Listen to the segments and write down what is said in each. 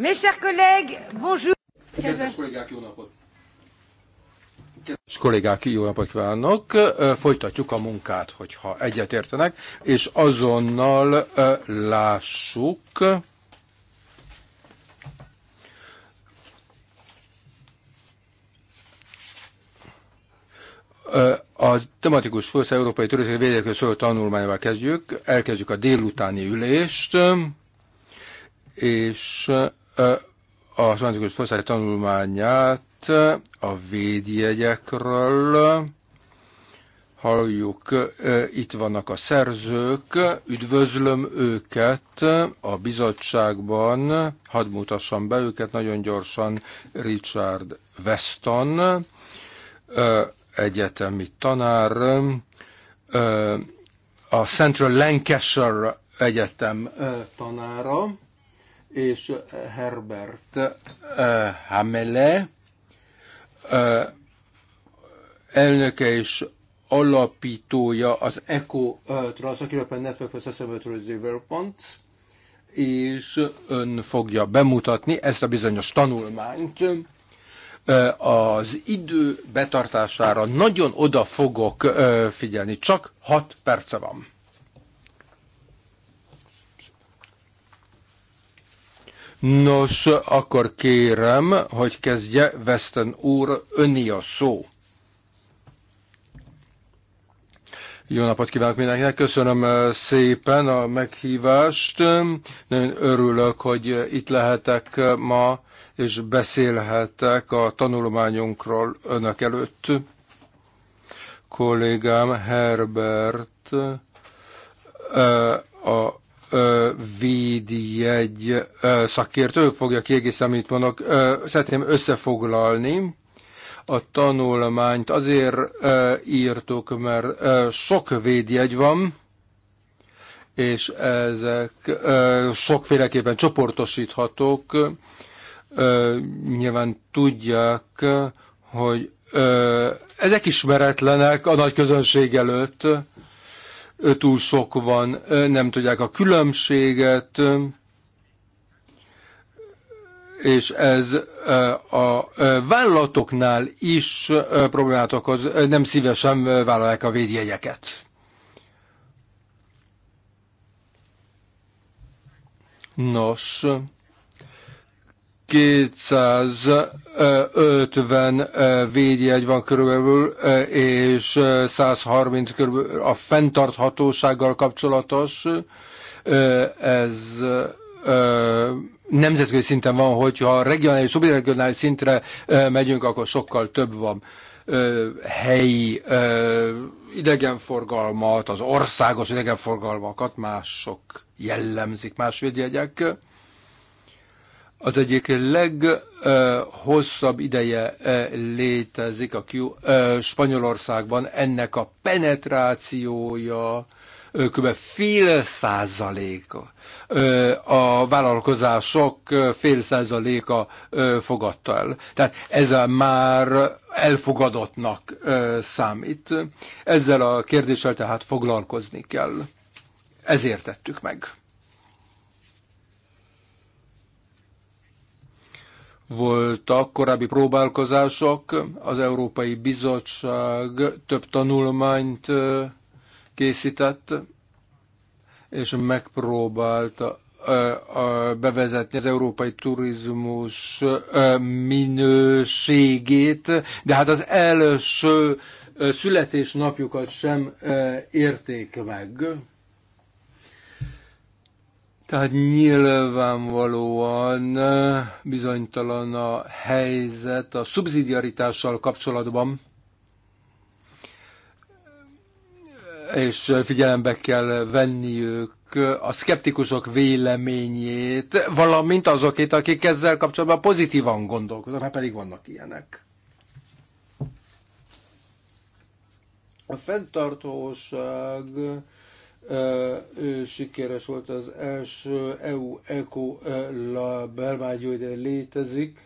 Mes chers collègues, bonjour! Kedves kollégák, jó napot! Kedves kollégák, jó napot kívánok! Folytatjuk a munkát, hogyha egyetértenek, és azonnal lássuk A tematikus fősz európai törvények védelmű szóló tanulmányával kezdjük. Elkezdjük a délutáni ülést, és a Zsandikus Foszály tanulmányát a védjegyekről. Halljuk, itt vannak a szerzők, üdvözlöm őket a bizottságban, hadd mutassam be őket nagyon gyorsan, Richard Weston, egyetemi tanár, a Central Lancashire Egyetem tanára, és Herbert Hamele elnöke és alapítója az Eco aki a Network for Sustainable Development, és ön fogja bemutatni ezt a bizonyos tanulmányt. Az idő betartására nagyon oda fogok figyelni, csak 6 perce van. Nos, akkor kérem, hogy kezdje Weston úr, öni a szó. Jó napot kívánok mindenkinek, köszönöm szépen a meghívást. Nagyon örülök, hogy itt lehetek ma, és beszélhetek a tanulmányunkról önök előtt. Kollégám Herbert a védjegy szakértő fogja kiegészíteni, amit mondok. Szeretném összefoglalni a tanulmányt. Azért írtuk, mert sok védjegy van, és ezek sokféleképpen csoportosíthatók. Nyilván tudják, hogy ezek ismeretlenek a nagy közönség előtt, túl sok van, nem tudják a különbséget, és ez a vállalatoknál is problémát okoz, nem szívesen vállalják a védjegyeket. Nos, 250 védjegy van körülbelül, és 130 körülbelül a fenntarthatósággal kapcsolatos. Ez nemzetközi szinten van, hogyha regionális, subregionális szintre megyünk, akkor sokkal több van helyi idegenforgalmat, az országos idegenforgalmakat mások jellemzik, más védjegyek az egyik leghosszabb ideje eh, létezik a Q eh, Spanyolországban, ennek a penetrációja eh, kb. fél százaléka. A vállalkozások fél százaléka fogadta el. Tehát ez már elfogadottnak számít. Ezzel a kérdéssel tehát foglalkozni kell. Ezért tettük meg. voltak korábbi próbálkozások, az Európai Bizottság több tanulmányt készített, és megpróbálta bevezetni az európai turizmus minőségét, de hát az első születésnapjukat sem érték meg. Tehát nyilvánvalóan bizonytalan a helyzet a szubszidiaritással kapcsolatban, és figyelembe kell venniük a szkeptikusok véleményét, valamint azokét, akik ezzel kapcsolatban pozitívan gondolkodnak, mert pedig vannak ilyenek. A fenntartóság ő sikeres volt az első EU Eco Lab hogy létezik.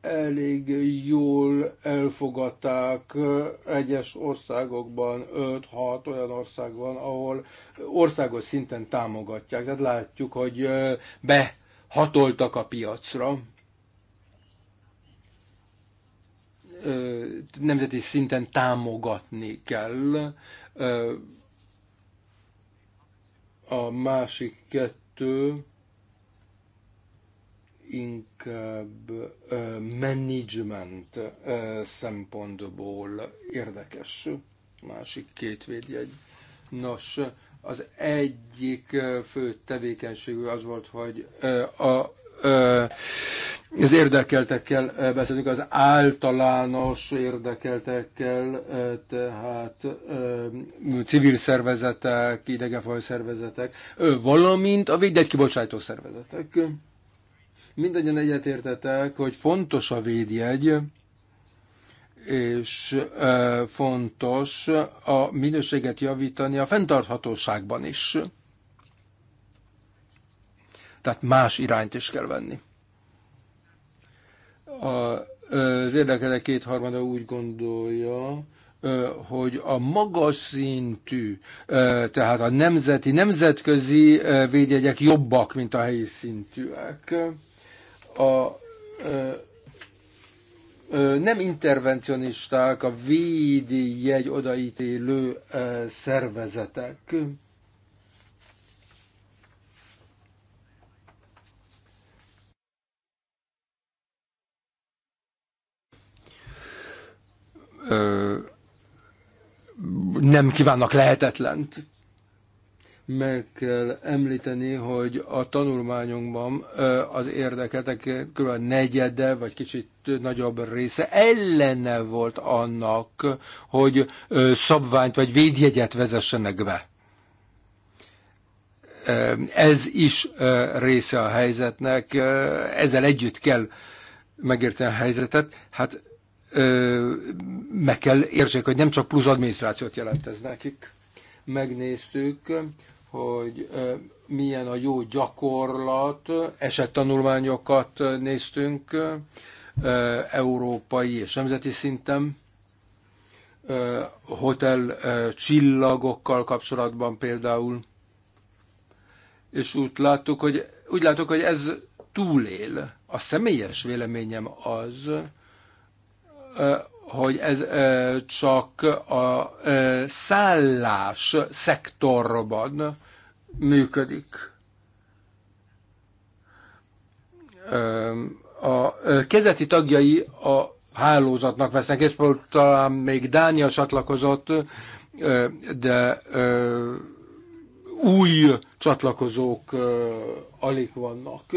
Elég jól elfogadták egyes országokban, 5-6 olyan ország van, ahol országos szinten támogatják. Tehát látjuk, hogy behatoltak a piacra. Nemzeti szinten támogatni kell a másik kettő inkább management szempontból érdekes másik két védjegy. Nos, az egyik fő tevékenységű az volt, hogy a az érdekeltekkel beszélünk, az általános érdekeltekkel, tehát civil szervezetek, idegenfaj szervezetek, valamint a védjegykibocsátó szervezetek. Mindannyian egyetértetek, hogy fontos a védjegy, és fontos a minőséget javítani a fenntarthatóságban is tehát más irányt is kell venni. A, az érdekelek kétharmada úgy gondolja, hogy a magas szintű, tehát a nemzeti, nemzetközi védjegyek jobbak, mint a helyi szintűek. A, nem intervencionisták, a védjegy odaítélő szervezetek. nem kívánnak lehetetlent. Meg kell említeni, hogy a tanulmányunkban az érdeketek kb. negyede, vagy kicsit nagyobb része ellene volt annak, hogy szabványt vagy védjegyet vezessenek be ez is része a helyzetnek, ezzel együtt kell megérteni a helyzetet. Hát meg kell értsék, hogy nem csak plusz adminisztrációt jelent ez nekik. Megnéztük, hogy milyen a jó gyakorlat, esettanulmányokat néztünk európai és nemzeti szinten, hotel csillagokkal kapcsolatban például, és úgy láttuk, hogy, úgy látok, hogy ez túlél. A személyes véleményem az, hogy ez csak a szállás szektorban működik. A kezeti tagjai a hálózatnak vesznek, és talán még Dánia csatlakozott, de új csatlakozók alig vannak.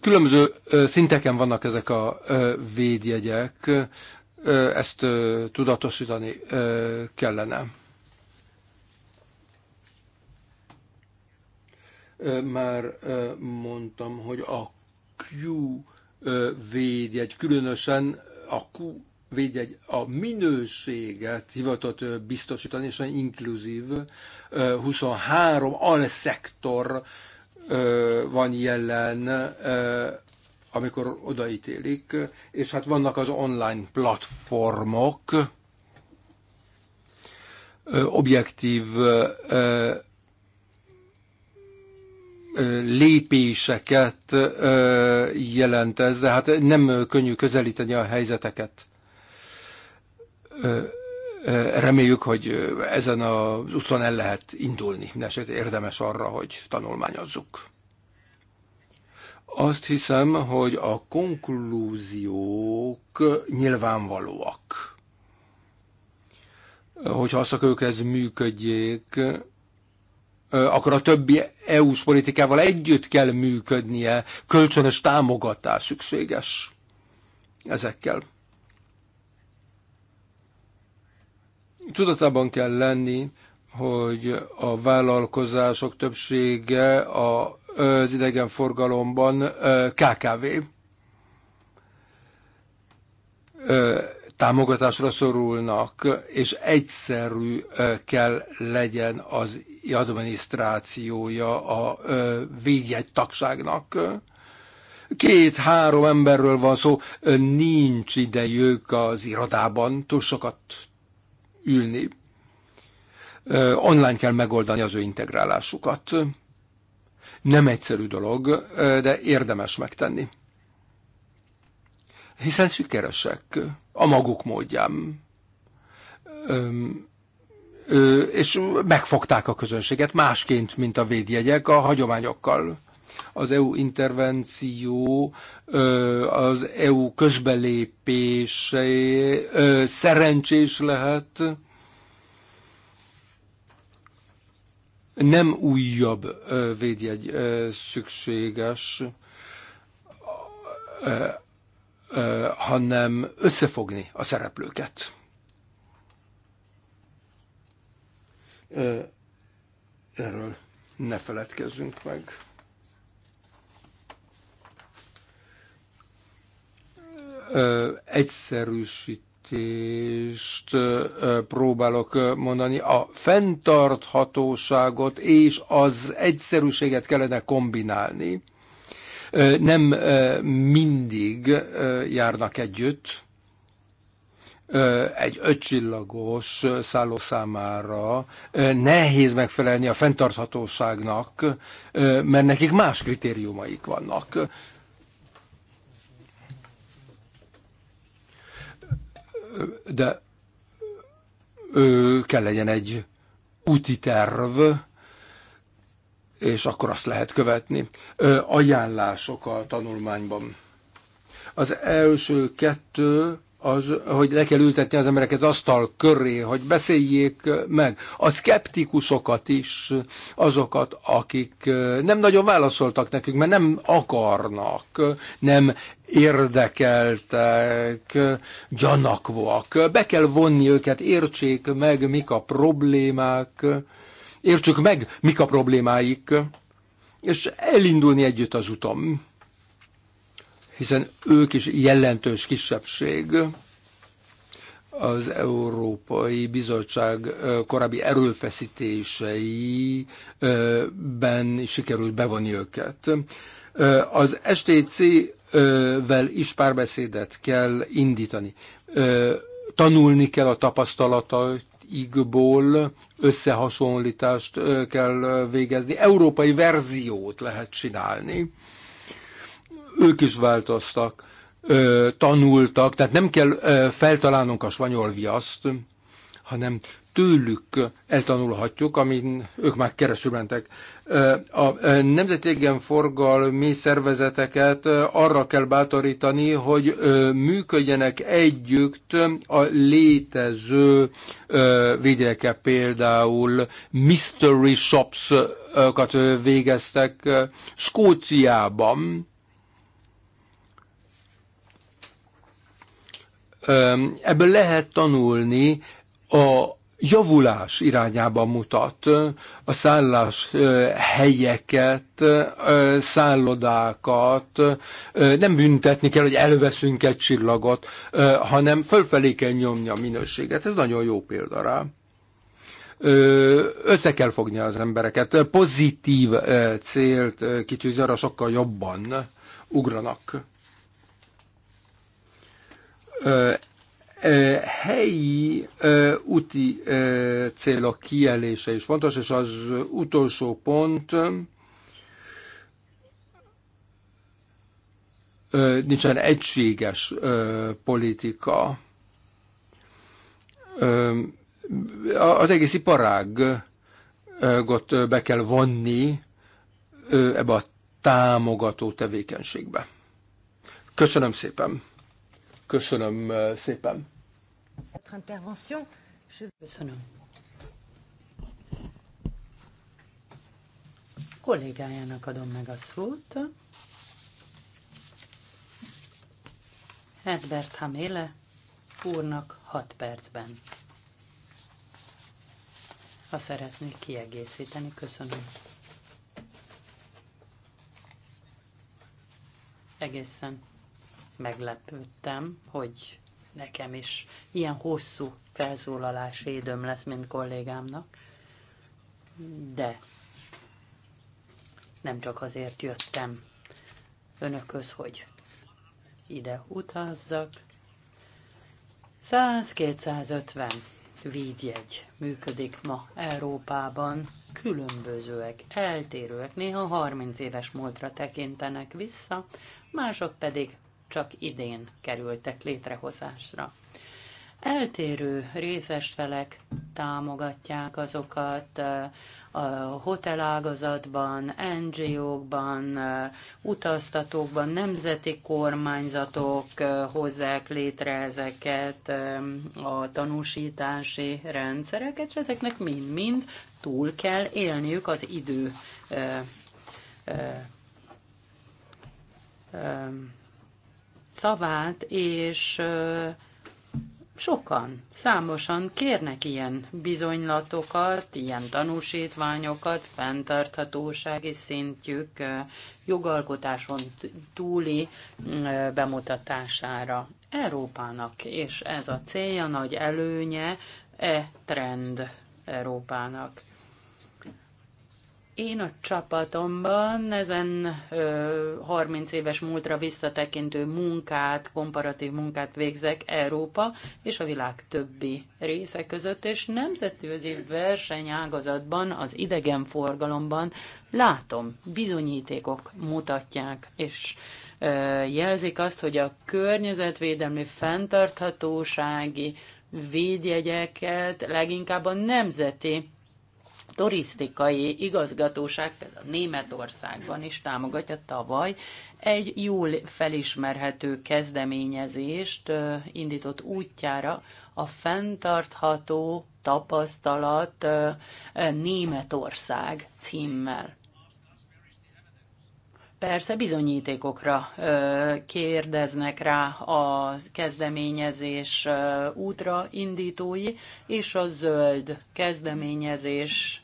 Különböző szinteken vannak ezek a védjegyek, ezt tudatosítani kellene. Már mondtam, hogy a Q védjegy, különösen a Q védjegy a minőséget hivatott biztosítani, és inkluzív 23 alszektor van jelen, amikor odaítélik, és hát vannak az online platformok, objektív lépéseket jelent ez, hát nem könnyű közelíteni a helyzeteket Reméljük, hogy ezen az úton el lehet indulni, mert érdemes arra, hogy tanulmányozzuk. Azt hiszem, hogy a konklúziók nyilvánvalóak. Hogyha azt akarjuk, ez működjék, akkor a többi EU-s politikával együtt kell működnie, kölcsönös támogatás szükséges ezekkel. Tudatában kell lenni, hogy a vállalkozások többsége a, az idegenforgalomban KKV támogatásra szorulnak, és egyszerű kell legyen az adminisztrációja a tagságnak. Két-három emberről van szó, nincs idejük az irodában, túl sokat ülni. Online kell megoldani az ő integrálásukat. Nem egyszerű dolog, de érdemes megtenni. Hiszen sikeresek a maguk módján. és megfogták a közönséget másként, mint a védjegyek a hagyományokkal az EU intervenció, az EU közbelépése szerencsés lehet, nem újabb védjegy szükséges, hanem összefogni a szereplőket. Erről ne feledkezzünk meg. egyszerűsítést próbálok mondani. A fenntarthatóságot és az egyszerűséget kellene kombinálni. Nem mindig járnak együtt. Egy ötcsillagos szálló számára nehéz megfelelni a fenntarthatóságnak, mert nekik más kritériumaik vannak de kell legyen egy úti terv, és akkor azt lehet követni. Ajánlások a tanulmányban. Az első kettő az, hogy le kell ültetni az embereket asztal köré, hogy beszéljék meg a szkeptikusokat is, azokat, akik nem nagyon válaszoltak nekünk, mert nem akarnak, nem érdekeltek, gyanakvóak. Be kell vonni őket, értsék meg, mik a problémák, értsük meg, mik a problémáik, és elindulni együtt az utam hiszen ők is jelentős kisebbség az Európai Bizottság korábbi erőfeszítéseiben sikerült bevonni őket. Az STC-vel is párbeszédet kell indítani. Tanulni kell a tapasztalataikból, összehasonlítást kell végezni, európai verziót lehet csinálni ők is változtak, tanultak, tehát nem kell feltalálnunk a spanyol viaszt, hanem tőlük eltanulhatjuk, amin ők már keresztül mentek. A nemzetégen forgalmi szervezeteket arra kell bátorítani, hogy működjenek együtt a létező vidéke például mystery shops-okat végeztek Skóciában, ebből lehet tanulni a javulás irányába mutat. A szállás helyeket, szállodákat nem büntetni kell, hogy elveszünk egy csillagot, hanem fölfelé kell nyomni a minőséget. Ez nagyon jó példa rá. Össze kell fogni az embereket. Pozitív célt kitűzni, arra sokkal jobban ugranak helyi úti célok kielése is fontos, és az utolsó pont, nincsen egységes politika. Az egész iparágot be kell vonni ebbe a támogató tevékenységbe. Köszönöm szépen! Köszönöm eh, szépen. Köszönöm. Kollégájának adom meg a szót. Herbert Haméle úrnak 6 percben. Ha szeretnék kiegészíteni, köszönöm. Egészen meglepődtem, hogy nekem is ilyen hosszú felszólalási időm lesz, mint kollégámnak. De nem csak azért jöttem önökhöz, hogy ide utazzak. 100-250 védjegy működik ma Európában, különbözőek, eltérőek, néha 30 éves múltra tekintenek vissza, mások pedig csak idén kerültek létrehozásra. Eltérő részesfelek támogatják azokat eh, a hotelágazatban, NGO-kban, eh, utaztatókban, nemzeti kormányzatok eh, hozzák létre ezeket a tanúsítási rendszereket, és ezeknek mind-mind túl kell élniük az idő szavát, és sokan, számosan kérnek ilyen bizonylatokat, ilyen tanúsítványokat, fenntarthatósági szintjük jogalkotáson túli bemutatására. Európának, és ez a célja, nagy előnye, e trend Európának. Én a csapatomban ezen ö, 30 éves múltra visszatekintő munkát, komparatív munkát végzek Európa és a világ többi része között, és nemzetközi versenyágazatban, az idegenforgalomban látom, bizonyítékok mutatják, és ö, jelzik azt, hogy a környezetvédelmi fenntarthatósági védjegyeket leginkább a nemzeti turisztikai igazgatóság például Németországban is támogatja tavaly egy jól felismerhető kezdeményezést indított útjára a fenntartható tapasztalat Németország címmel persze bizonyítékokra kérdeznek rá a kezdeményezés útra indítói, és a zöld kezdeményezés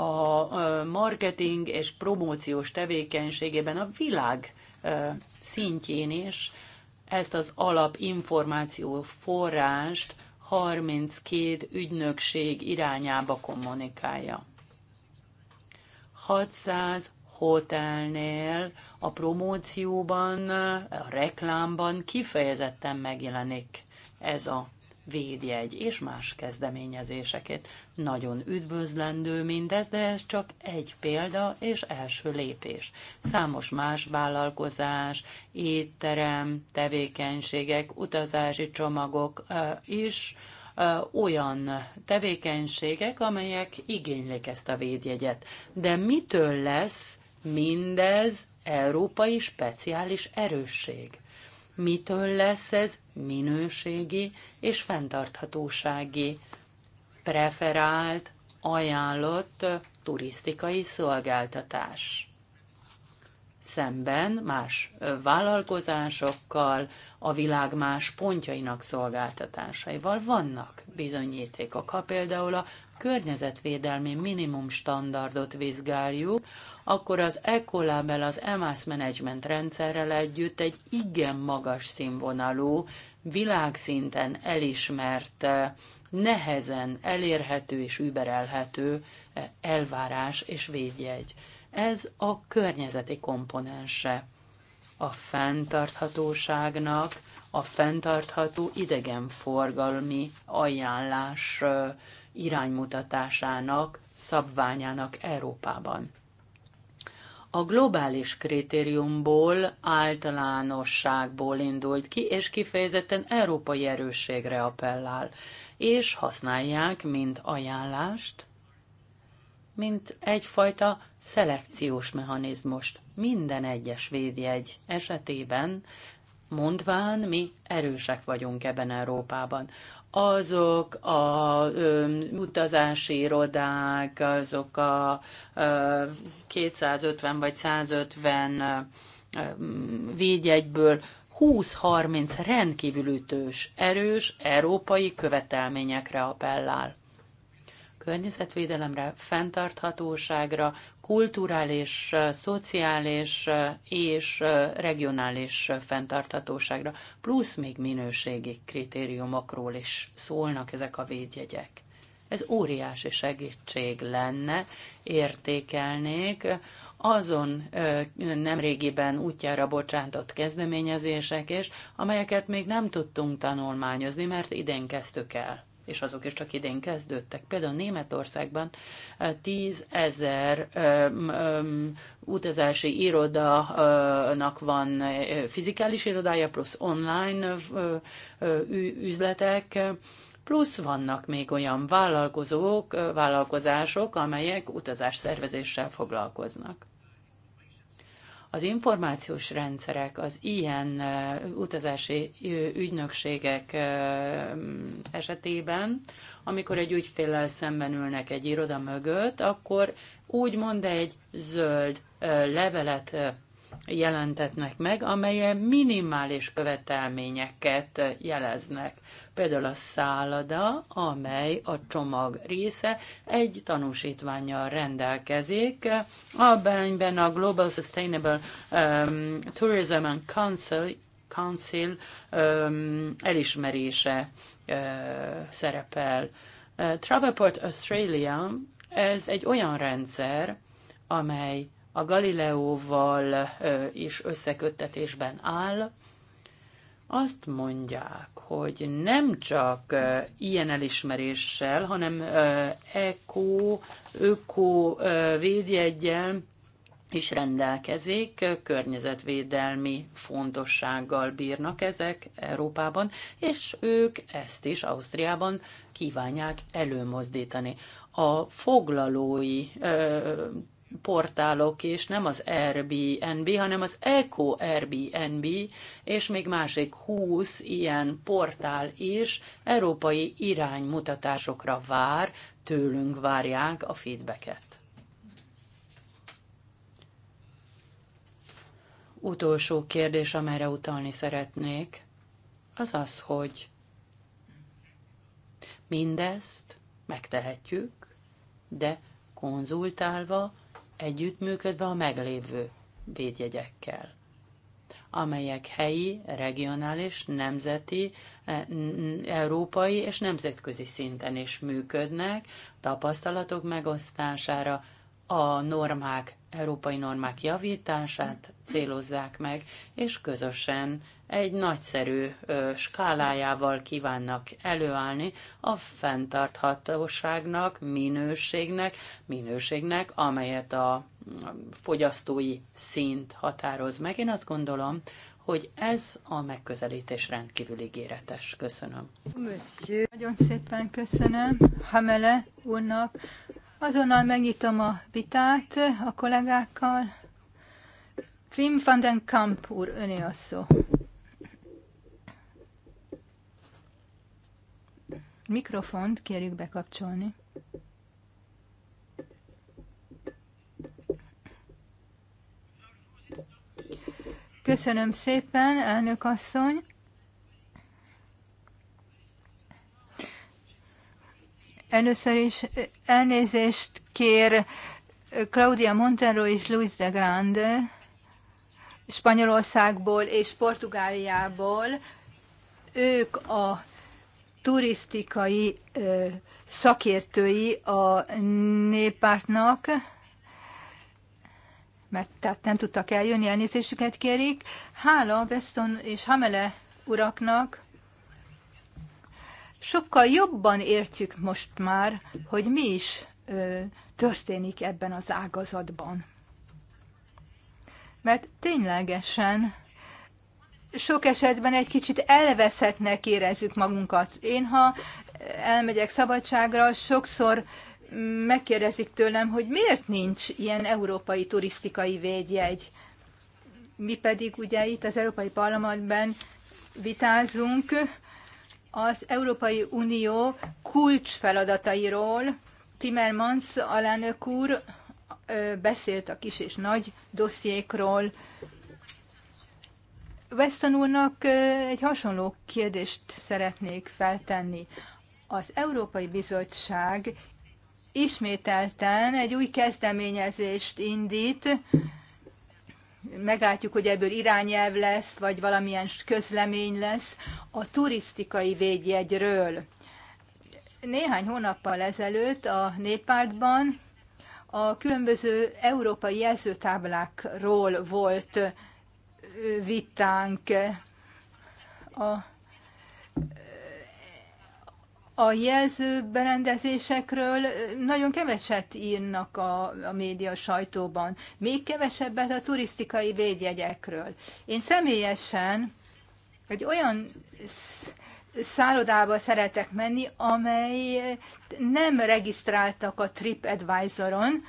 a marketing és promóciós tevékenységében a világ szintjén is ezt az alapinformáció forrást 32 ügynökség irányába kommunikálja. 600 hotelnél a promócióban, a reklámban kifejezetten megjelenik ez a védjegy és más kezdeményezéseket. Nagyon üdvözlendő mindez, de ez csak egy példa és első lépés. Számos más vállalkozás, étterem, tevékenységek, utazási csomagok is olyan tevékenységek, amelyek igénylik ezt a védjegyet. De mitől lesz mindez európai speciális erősség? Mitől lesz ez minőségi és fenntarthatósági preferált, ajánlott turisztikai szolgáltatás? szemben más vállalkozásokkal, a világ más pontjainak szolgáltatásaival vannak bizonyítékok. Ha például a környezetvédelmi minimum standardot vizsgáljuk, akkor az Ecolabel az EMAS Management rendszerrel együtt egy igen magas színvonalú, világszinten elismert, nehezen elérhető és überelhető elvárás és védjegy ez a környezeti komponense a fenntarthatóságnak, a fenntartható idegenforgalmi ajánlás iránymutatásának, szabványának Európában. A globális kritériumból, általánosságból indult ki, és kifejezetten európai erősségre appellál, és használják, mint ajánlást mint egyfajta szelekciós mechanizmust. Minden egyes védjegy esetében, mondván mi erősek vagyunk ebben Európában. Azok a ö, utazási irodák, azok a ö, 250 vagy 150 ö, védjegyből 20-30 rendkívül ütős, erős európai követelményekre appellál környezetvédelemre, fenntarthatóságra, kulturális, szociális és regionális fenntarthatóságra, plusz még minőségi kritériumokról is szólnak ezek a védjegyek. Ez óriási segítség lenne, értékelnék azon nemrégiben útjára bocsántott kezdeményezések is, amelyeket még nem tudtunk tanulmányozni, mert idén kezdtük el és azok is csak idén kezdődtek. Például Németországban 10 eh, ezer eh, utazási irodanak van eh, fizikális irodája, plusz online üzletek, plusz vannak még olyan vállalkozók, vállalkozások, amelyek utazásszervezéssel foglalkoznak az információs rendszerek, az ilyen utazási ügynökségek esetében, amikor egy ügyféllel szemben ülnek egy iroda mögött, akkor úgymond egy zöld levelet jelentetnek meg, amelyen minimális követelményeket jeleznek. Például a szállada, amely a csomag része, egy tanúsítványjal rendelkezik. abban a Global Sustainable um, Tourism and Council, Council um, elismerése uh, szerepel. Uh, Travelport Australia, ez egy olyan rendszer, amely a Galileóval is összeköttetésben áll, azt mondják, hogy nem csak ilyen elismeréssel, hanem eko, öko védjegyel is rendelkezik, környezetvédelmi fontossággal bírnak ezek Európában, és ők ezt is Ausztriában kívánják előmozdítani. A foglalói portálok is, nem az Airbnb, hanem az Eco Airbnb, és még másik 20 ilyen portál is európai iránymutatásokra vár, tőlünk várják a feedbacket. Utolsó kérdés, amelyre utalni szeretnék, az az, hogy mindezt megtehetjük, de konzultálva együttműködve a meglévő védjegyekkel, amelyek helyi, regionális, nemzeti, eh, európai és nemzetközi szinten is működnek, tapasztalatok megosztására, a normák, európai normák javítását célozzák meg, és közösen egy nagyszerű ö, skálájával kívánnak előállni a fenntarthatóságnak, minőségnek, minőségnek, amelyet a fogyasztói szint határoz meg. Én azt gondolom, hogy ez a megközelítés rendkívül ígéretes. Köszönöm. Monsieur. Nagyon szépen köszönöm Hamele úrnak. Azonnal megnyitom a vitát a kollégákkal. Wim van den Kamp úr, öné a szó. Mikrofont kérjük bekapcsolni. Köszönöm szépen, elnök asszony. Először is elnézést kér Claudia Montero és Luis de Grande Spanyolországból és Portugáliából. Ők a turisztikai szakértői a néppártnak, mert tehát nem tudtak eljönni, elnézésüket kérik. Hála Weston és Hamele uraknak sokkal jobban értjük most már, hogy mi is ö, történik ebben az ágazatban. Mert ténylegesen sok esetben egy kicsit elveszettnek érezzük magunkat. Én, ha elmegyek szabadságra, sokszor megkérdezik tőlem, hogy miért nincs ilyen európai turisztikai védjegy. Mi pedig ugye itt az Európai Parlamentben vitázunk az Európai Unió kulcs feladatairól. Timmermans alánök úr beszélt a kis és nagy dossziékról, Weston úrnak egy hasonló kérdést szeretnék feltenni. Az Európai Bizottság ismételten egy új kezdeményezést indít, meglátjuk, hogy ebből irányelv lesz, vagy valamilyen közlemény lesz a turisztikai védjegyről. Néhány hónappal ezelőtt a Népártban a különböző európai jelzőtáblákról volt vitánk. A a jelző berendezésekről nagyon keveset írnak a, a média a sajtóban, még kevesebbet a turisztikai védjegyekről. Én személyesen egy olyan szállodába szeretek menni, amely nem regisztráltak a TripAdvisor-on,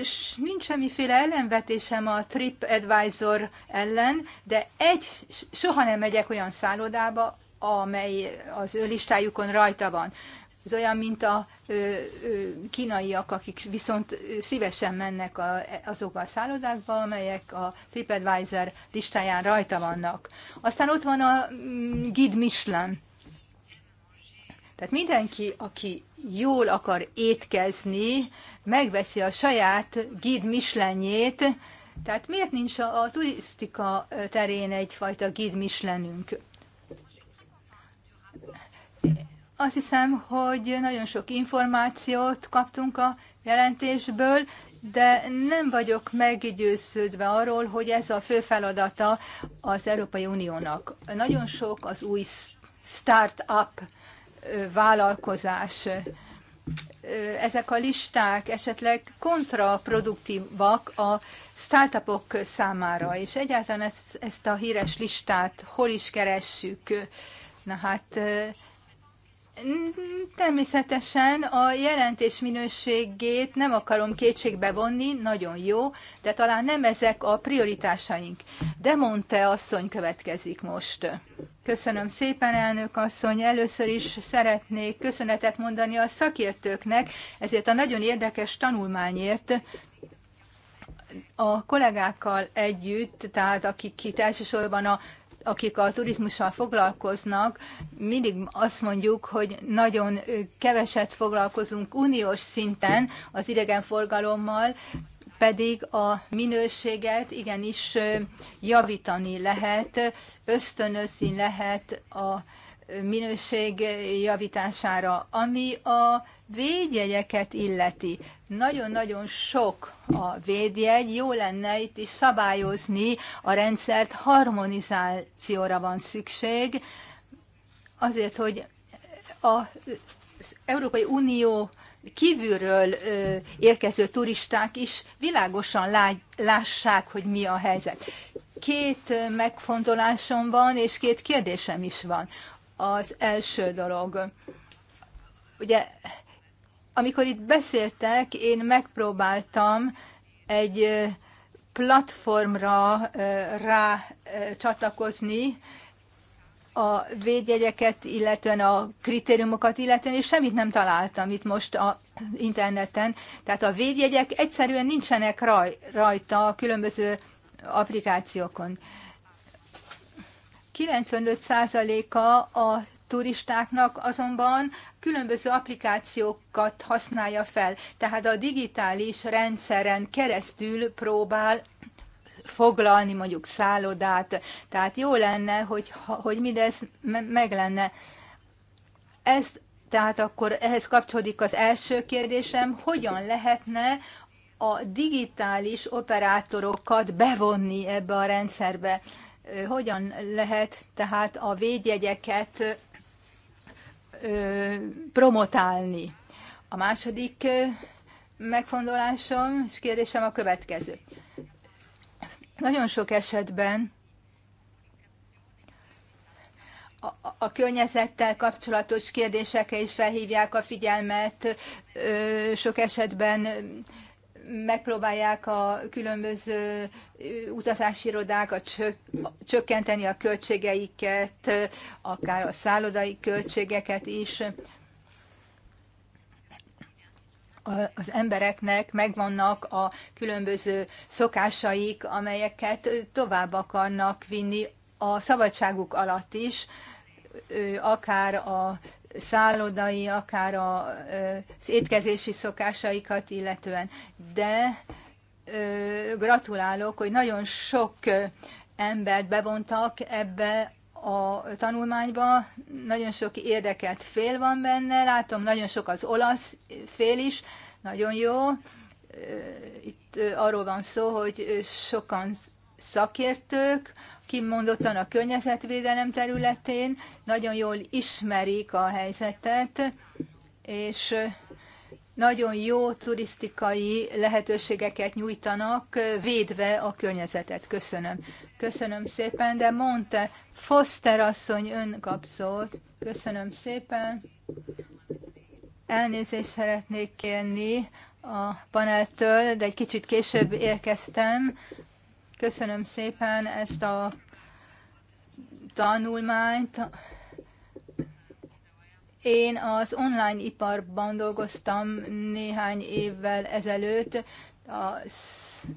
és nincs semmiféle ellenvetésem a TripAdvisor ellen, de egy, soha nem megyek olyan szállodába, amely az ő listájukon rajta van. Ez olyan, mint a ö, ö, kínaiak, akik viszont szívesen mennek a, azokba a szállodákba, amelyek a TripAdvisor listáján rajta vannak. Aztán ott van a mm, Guide Michelin. Tehát mindenki, aki jól akar étkezni, megveszi a saját Gid mislenjét, tehát miért nincs a turisztika terén egyfajta Gid mislenünk? Azt hiszem, hogy nagyon sok információt kaptunk a jelentésből, de nem vagyok meggyőződve arról, hogy ez a fő feladata az Európai Uniónak. Nagyon sok az új start-up vállalkozás. Ezek a listák esetleg kontraproduktívak a startupok számára, és egyáltalán ezt, ezt a híres listát hol is keressük. Na hát Természetesen a jelentés minőségét nem akarom kétségbe vonni, nagyon jó, de talán nem ezek a prioritásaink. De Monte asszony következik most. Köszönöm szépen, elnök asszony. Először is szeretnék köszönetet mondani a szakértőknek ezért a nagyon érdekes tanulmányért, a kollégákkal együtt, tehát akik itt elsősorban a akik a turizmussal foglalkoznak, mindig azt mondjuk, hogy nagyon keveset foglalkozunk uniós szinten az idegenforgalommal, pedig a minőséget igenis javítani lehet, ösztönözni lehet a minőség javítására, ami a védjegyeket illeti. Nagyon-nagyon sok a védjegy, jó lenne itt is szabályozni a rendszert, harmonizációra van szükség, azért, hogy az Európai Unió kívülről ö, érkező turisták is világosan lá, lássák, hogy mi a helyzet. Két megfontolásom van, és két kérdésem is van az első dolog. Ugye, amikor itt beszéltek, én megpróbáltam egy platformra rá csatlakozni, a védjegyeket, illetően a kritériumokat, illetően, és semmit nem találtam itt most a interneten. Tehát a védjegyek egyszerűen nincsenek raj, rajta a különböző applikációkon. Uh, 95%-a a turistáknak azonban különböző applikációkat használja fel, tehát a digitális rendszeren keresztül próbál foglalni mondjuk szállodát, tehát jó lenne, hogy, hogy mindez meg lenne. Ezt, tehát akkor ehhez kapcsolódik az első kérdésem, hogyan lehetne a digitális operátorokat bevonni ebbe a rendszerbe. Hogyan lehet tehát a védjegyeket promotálni? A második megfondolásom és kérdésem a következő. Nagyon sok esetben a, a környezettel kapcsolatos kérdésekre is felhívják a figyelmet, sok esetben megpróbálják a különböző utazási irodákat csökkenteni a költségeiket, akár a szállodai költségeket is. Az embereknek megvannak a különböző szokásaik, amelyeket tovább akarnak vinni a szabadságuk alatt is, akár a szállodai, akár a, az étkezési szokásaikat illetően. De gratulálok, hogy nagyon sok embert bevontak ebbe a tanulmányba, nagyon sok érdekelt fél van benne, látom, nagyon sok az olasz fél is, nagyon jó. Itt arról van szó, hogy sokan szakértők, kimondottan a környezetvédelem területén, nagyon jól ismerik a helyzetet, és nagyon jó turisztikai lehetőségeket nyújtanak, védve a környezetet. Köszönöm. Köszönöm szépen, de mondta Foster asszony önkapszolt. Köszönöm szépen. Elnézést szeretnék kérni a paneltől, de egy kicsit később érkeztem Köszönöm szépen ezt a tanulmányt. Én az online iparban dolgoztam néhány évvel ezelőtt, a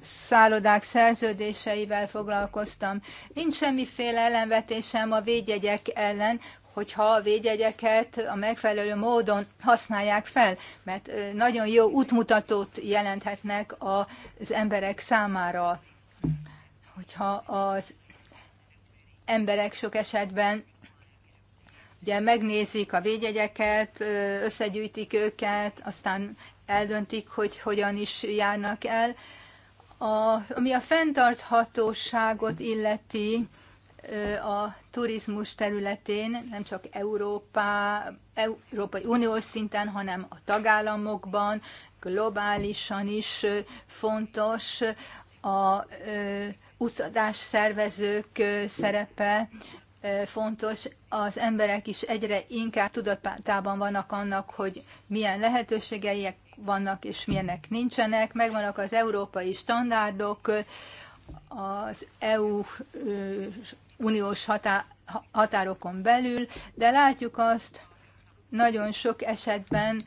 szállodák szerződéseivel foglalkoztam. Nincs semmiféle ellenvetésem a védjegyek ellen, hogyha a védjegyeket a megfelelő módon használják fel, mert nagyon jó útmutatót jelenthetnek az emberek számára hogyha az emberek sok esetben ugye megnézik a védjegyeket, összegyűjtik őket, aztán eldöntik, hogy hogyan is járnak el. A, ami a fenntarthatóságot illeti a turizmus területén, nem csak Európa, Európai Uniós szinten, hanem a tagállamokban, globálisan is fontos a utazás szervezők szerepe fontos. Az emberek is egyre inkább tudatában vannak annak, hogy milyen lehetőségeik vannak és milyenek nincsenek. Megvannak az európai standardok, az EU uniós határokon belül, de látjuk azt nagyon sok esetben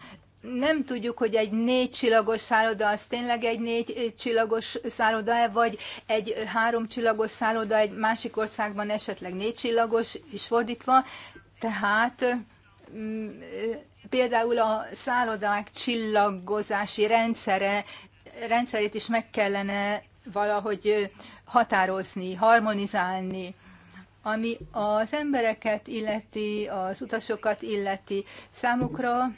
nem tudjuk, hogy egy négy csillagos szálloda az tényleg egy négy eh, csillagos szálloda-e, vagy egy eh, három csillagos szálloda egy másik országban esetleg négy csillagos, is fordítva. Tehát eh, mm, például a szállodák csillagozási rendszere, rendszerét is meg kellene valahogy határozni, harmonizálni ami az embereket illeti, az utasokat illeti, számukra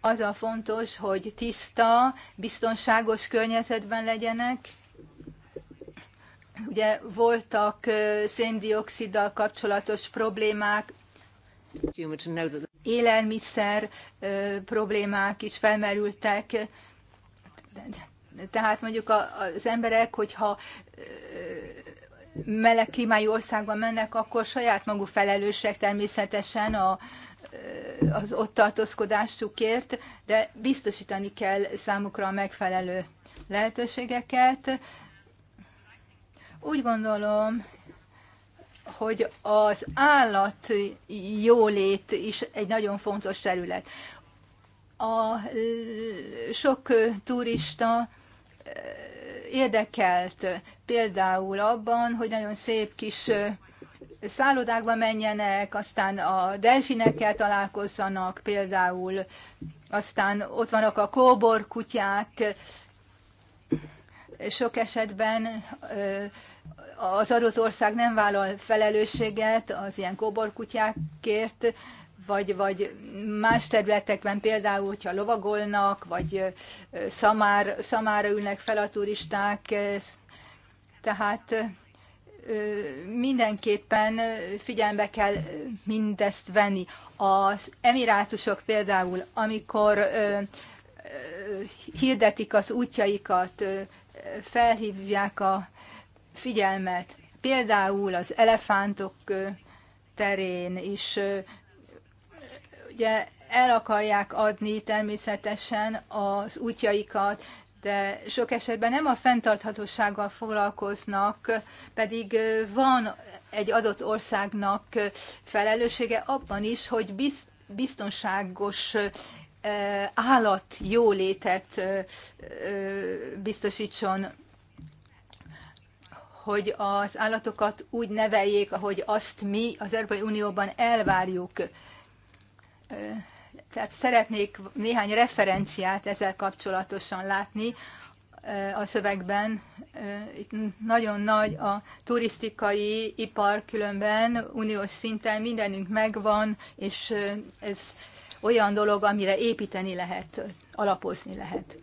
az a fontos, hogy tiszta, biztonságos környezetben legyenek. Ugye voltak széndioksziddal kapcsolatos problémák, élelmiszer problémák is felmerültek. Tehát mondjuk az emberek, hogyha meleg klímájú országban mennek, akkor saját maguk felelősek természetesen a az ott tartózkodásukért, de biztosítani kell számukra a megfelelő lehetőségeket. Úgy gondolom, hogy az állat jólét is egy nagyon fontos terület. A sok turista eh, érdekelt például abban, hogy nagyon szép kis eh, szállodákba menjenek, aztán a delfinekkel találkozzanak például, aztán ott vannak a kóbor kutyák, sok esetben az adott ország nem vállal felelősséget az ilyen kóborkutyákért, vagy, vagy más területekben például, hogyha lovagolnak, vagy szamár, szamára ülnek fel a turisták, tehát mindenképpen figyelembe kell mindezt venni. Az emirátusok például, amikor hirdetik az útjaikat, felhívják a figyelmet. Például az elefántok terén is ugye el akarják adni természetesen az útjaikat, de sok esetben nem a fenntarthatósággal foglalkoznak, pedig van egy adott országnak felelőssége abban is, hogy biztonságos állat jólétet biztosítson, hogy az állatokat úgy neveljék, ahogy azt mi az Európai Unióban elvárjuk tehát szeretnék néhány referenciát ezzel kapcsolatosan látni a szövegben. Itt nagyon nagy a turisztikai ipar különben, uniós szinten mindenünk megvan, és ez olyan dolog, amire építeni lehet, alapozni lehet.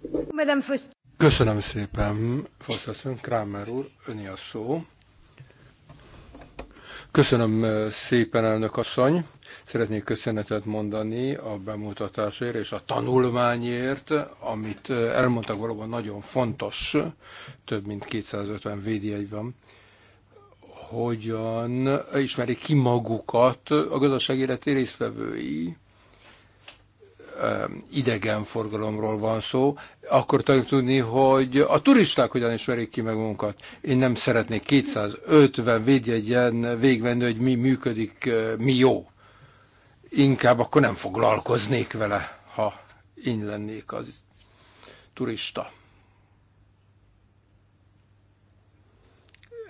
Köszönöm szépen, Fosztaszön Krámer úr, öni a szó. Köszönöm szépen, elnök asszony. Szeretnék köszönetet mondani a bemutatásért és a tanulmányért, amit eh, elmondtak valóban nagyon fontos, több mint 250 védjegy van, hogyan ismerik ki magukat a gazdaság életi résztvevői idegenforgalomról van szó, akkor tudjuk tudni, hogy a turisták hogyan ismerik ki meg magunkat. Én nem szeretnék 250 védjegyen végvenni, hogy mi működik, eh, mi jó inkább akkor nem foglalkoznék vele, ha én lennék az turista.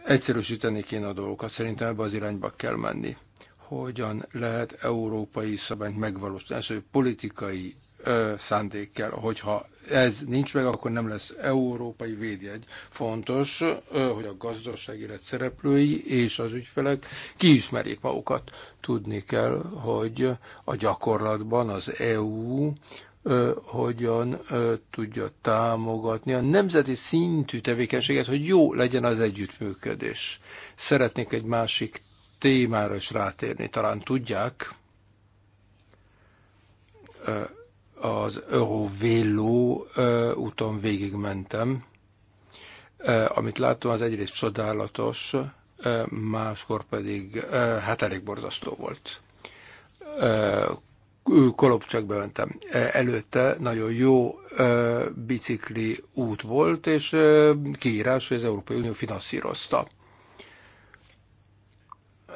Egyszerűsíteni kéne a dolgokat, szerintem ebbe az irányba kell menni. Hogyan lehet európai szabályt megvalósítani, hogy politikai szándékkel. Hogyha ez nincs meg, akkor nem lesz európai védjegy. Fontos, hogy a gazdaság élet szereplői és az ügyfelek kiismerjék magukat. Tudni kell, hogy a gyakorlatban az EU hogyan tudja támogatni a nemzeti szintű tevékenységet, hogy jó legyen az együttműködés. Szeretnék egy másik témára is rátérni, talán tudják az Eurovélo úton végigmentem. Amit látom, az egyrészt csodálatos, máskor pedig hát elég borzasztó volt. Kolopcsekbe mentem. Előtte nagyon jó bicikli út volt, és kiírás, hogy az Európai Unió finanszírozta.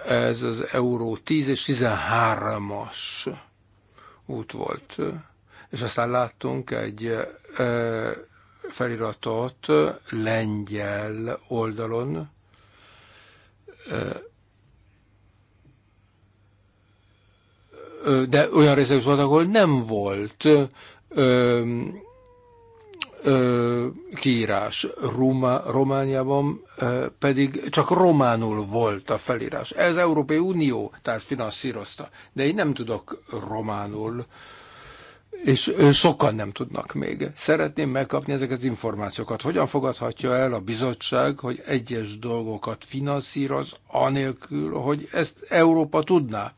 Ez az Euró 10 és 13-as út volt. És aztán láttunk egy feliratot lengyel oldalon, de olyan részek is voltak, ahol nem volt ö, ö, kiírás. Ruma, Romániában ö, pedig csak románul volt a felírás. Ez Európai Unió, tehát finanszírozta. De én nem tudok románul. Ö, és sokan nem tudnak még. Szeretném megkapni ezeket az információkat. Hogyan fogadhatja el a bizottság, hogy egyes dolgokat finanszíroz, anélkül, hogy ezt Európa tudná?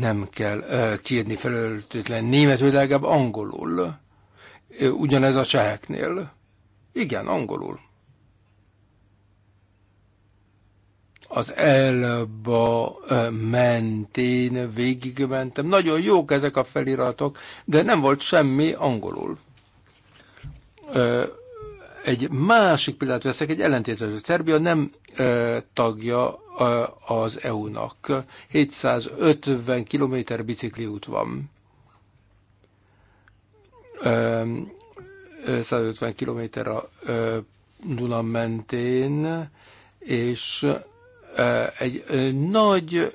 Nem kell uh, kírni felöltetlen németül, legalább angolul. Ugyanez a cseheknél. Igen, angolul. az Elba mentén végigmentem. Nagyon jók ezek a feliratok, de nem volt semmi angolul. Egy másik példát veszek, egy ellentétező. Szerbia nem tagja az EU-nak. 750 kilométer bicikliút van. 150 km a Duna mentén, és egy nagy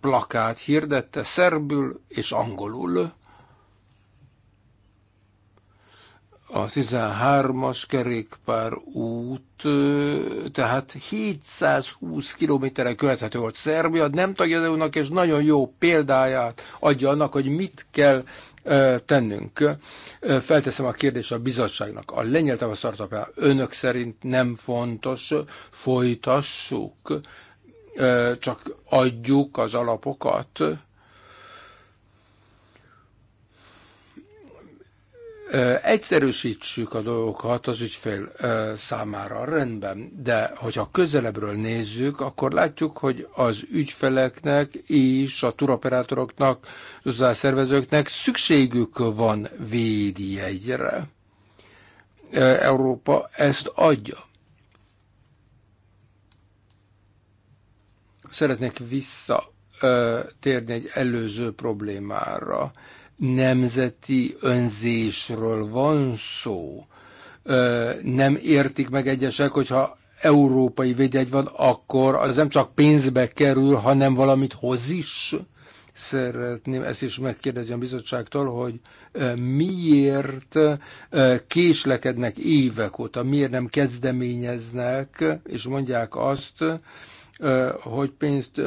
plakát hirdette szerbül és angolul, a 13-as kerékpár út, tehát 720 kilométerre követhető volt Szerbia, nem tagja az EU-nak, és nagyon jó példáját adja annak, hogy mit kell tennünk. Felteszem a kérdés a bizottságnak. A lengyel tapasztalatok önök szerint nem fontos, folytassuk, csak adjuk az alapokat, egyszerűsítsük a dolgokat az ügyfél számára, rendben, de hogyha közelebbről nézzük, akkor látjuk, hogy az ügyfeleknek és a turoperátoroknak, az szervezőknek szükségük van védjegyre. Európa ezt adja. Szeretnék visszatérni egy előző problémára nemzeti önzésről van szó. Nem értik meg egyesek, hogyha európai védjegy van, akkor az nem csak pénzbe kerül, hanem valamit hoz is. Szeretném ezt is megkérdezni a bizottságtól, hogy miért késlekednek évek óta, miért nem kezdeményeznek, és mondják azt, hogy pénzt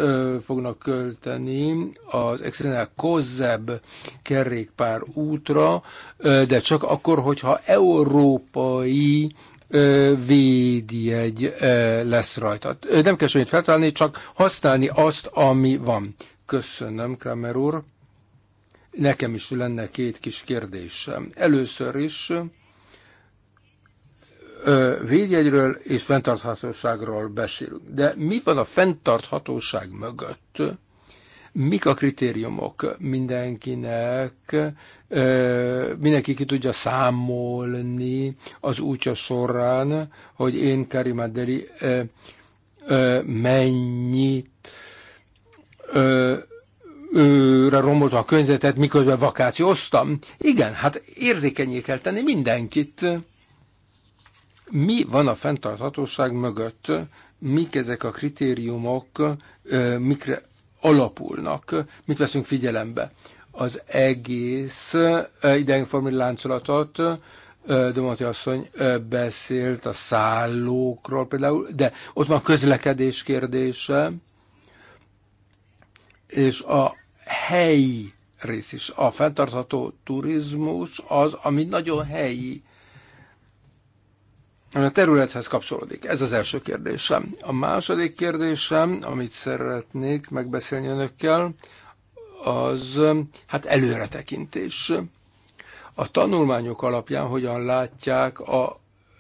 fognak költeni az Exxonnál kozzebb kerékpár útra, de csak akkor, hogyha európai védjegy lesz rajta. Nem kell semmit feltalálni, csak használni azt, ami van. Köszönöm, Kramer úr. Nekem is lenne két kis kérdésem. Először is védjegyről és fenntarthatóságról beszélünk. De mi van a fenntarthatóság mögött? Mik a kritériumok mindenkinek? Mindenki ki tudja számolni az útja során, hogy én, Karim Adeli, mennyit őre rombolta a környezetet, miközben vakációztam. Igen, hát érzékenyé kell tenni mindenkit mi van a fenntarthatóság mögött, mik ezek a kritériumok, mikre alapulnak, mit veszünk figyelembe. Az egész idegenformi láncolatot Domati asszony beszélt a szállókról például, de ott van a közlekedés kérdése, és a helyi rész is. A fenntartható turizmus az, ami nagyon helyi a területhez kapcsolódik. Ez az első kérdésem. A második kérdésem, amit szeretnék megbeszélni önökkel, az hát előretekintés. A tanulmányok alapján hogyan látják a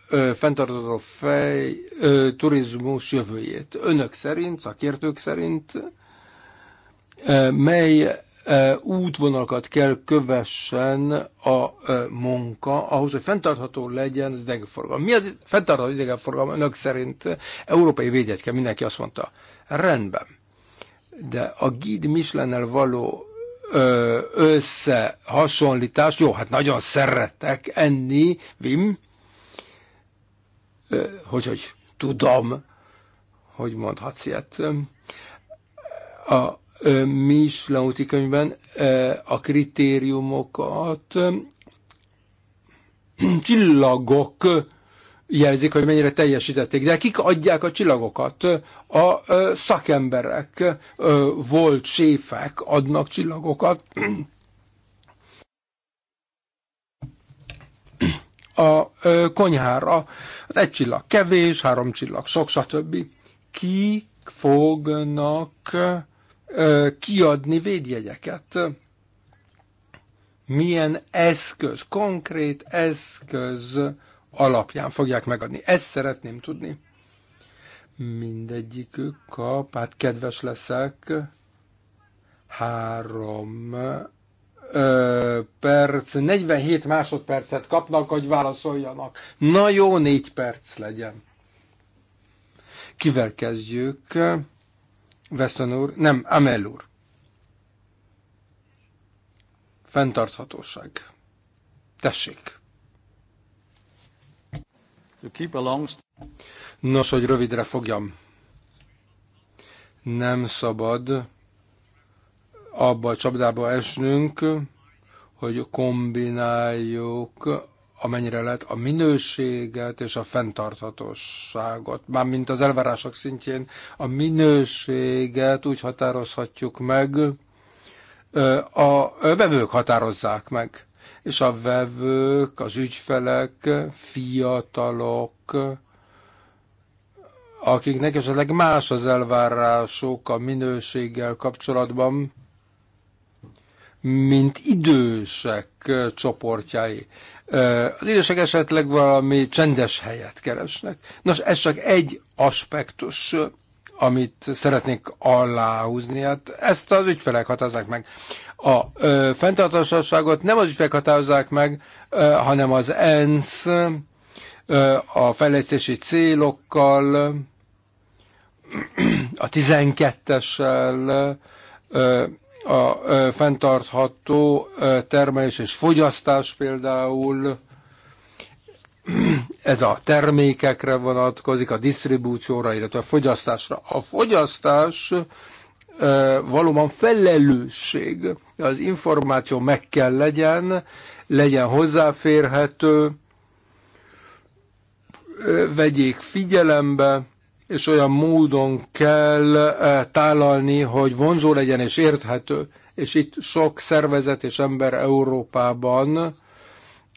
ö, fenntartató fej, ö, turizmus jövőjét? Önök szerint, szakértők szerint ö, mely útvonalakat kell kövessen a munka, ahhoz, hogy fenntartható legyen az idegenforgalom. Mi az fenntartható idegenforgalom önök szerint? Európai védjegy kell, mindenki azt mondta. Rendben. De a Gid Michelin-nel való összehasonlítás, jó, hát nagyon szeretek enni, Vim, hogy, hogy tudom, hogy mondhatsz ilyet. A, mi is Lauti könyvben a kritériumokat csillagok jelzik, hogy mennyire teljesítették. De kik adják a csillagokat? A szakemberek, volt séfek adnak csillagokat. A konyhára. Az egy csillag kevés, három csillag sok, stb. Kik fognak kiadni védjegyeket. Milyen eszköz, konkrét eszköz alapján fogják megadni. Ezt szeretném tudni. Mindegyikük kap, hát kedves leszek, három ö, perc, 47 másodpercet kapnak, hogy válaszoljanak. Na jó, négy perc legyen. Kivel kezdjük? Weston úr, nem, Amel úr. Fenntarthatóság. Tessék. To keep along... Nos, hogy rövidre fogjam. Nem szabad abba a csapdába esnünk, hogy kombináljuk amennyire lehet a minőséget és a fenntarthatóságot, mármint az elvárások szintjén a minőséget úgy határozhatjuk meg, a vevők határozzák meg, és a vevők, az ügyfelek, fiatalok, akiknek esetleg más az elvárások a minőséggel kapcsolatban, mint idősek csoportjai. Az idősek esetleg valami csendes helyet keresnek. Nos, ez csak egy aspektus, amit szeretnék aláhúzni. Hát ezt az ügyfelek határozzák meg. A fenntartásosságot nem az ügyfelek határozzák meg, hanem az ENSZ, a fejlesztési célokkal, a 12-essel, a fenntartható termelés és fogyasztás például, ez a termékekre vonatkozik, a disztribúcióra, illetve a fogyasztásra. A fogyasztás valóban felelősség, az információ meg kell legyen, legyen hozzáférhető, vegyék figyelembe és olyan módon kell eh, tálalni, hogy vonzó legyen és érthető. És itt sok szervezet és ember Európában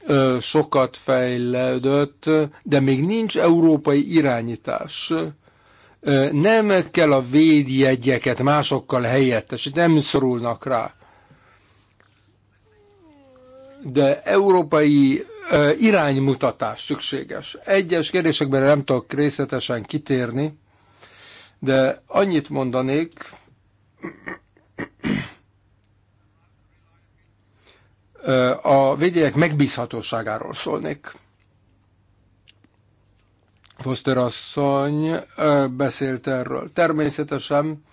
eh, sokat fejlődött, de még nincs európai irányítás. Eh, nem kell a védjegyeket másokkal helyettesíteni, nem szorulnak rá de európai iránymutatás szükséges. Egyes kérdésekben nem tudok részletesen kitérni, de annyit mondanék, a védjegyek megbízhatóságáról szólnék. Foster asszony beszélt erről. Természetesen,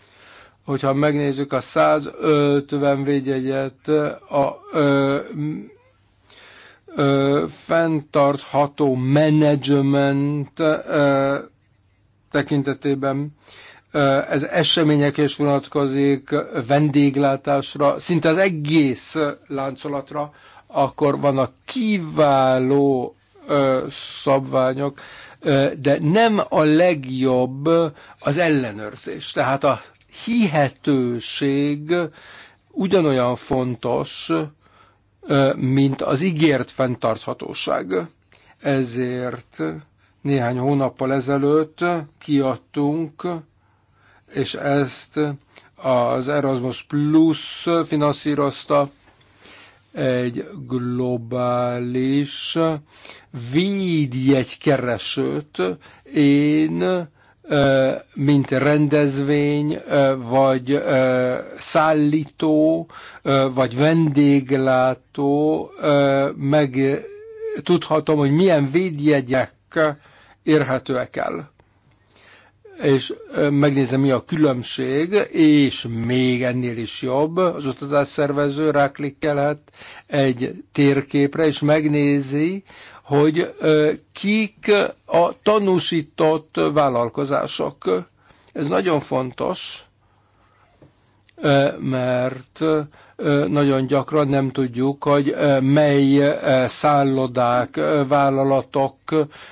hogyha megnézzük a 150 védjegyet, a fenntartható menedzsment tekintetében ez események is vonatkozik, vendéglátásra, szinte az egész láncolatra, akkor vannak kiváló szabványok, de nem a legjobb az ellenőrzés. Tehát a hihetőség ugyanolyan fontos, mint az ígért fenntarthatóság. Ezért néhány hónappal ezelőtt kiadtunk, és ezt az Erasmus Plus finanszírozta egy globális védjegykeresőt. Én mint rendezvény, vagy szállító, vagy vendéglátó, meg tudhatom, hogy milyen védjegyek érhetőek el. És megnézem, mi a különbség, és még ennél is jobb, az utazásszervező ráklikkelhet egy térképre, és megnézi, hogy kik a tanúsított vállalkozások. Ez nagyon fontos, mert nagyon gyakran nem tudjuk, hogy mely szállodák, vállalatok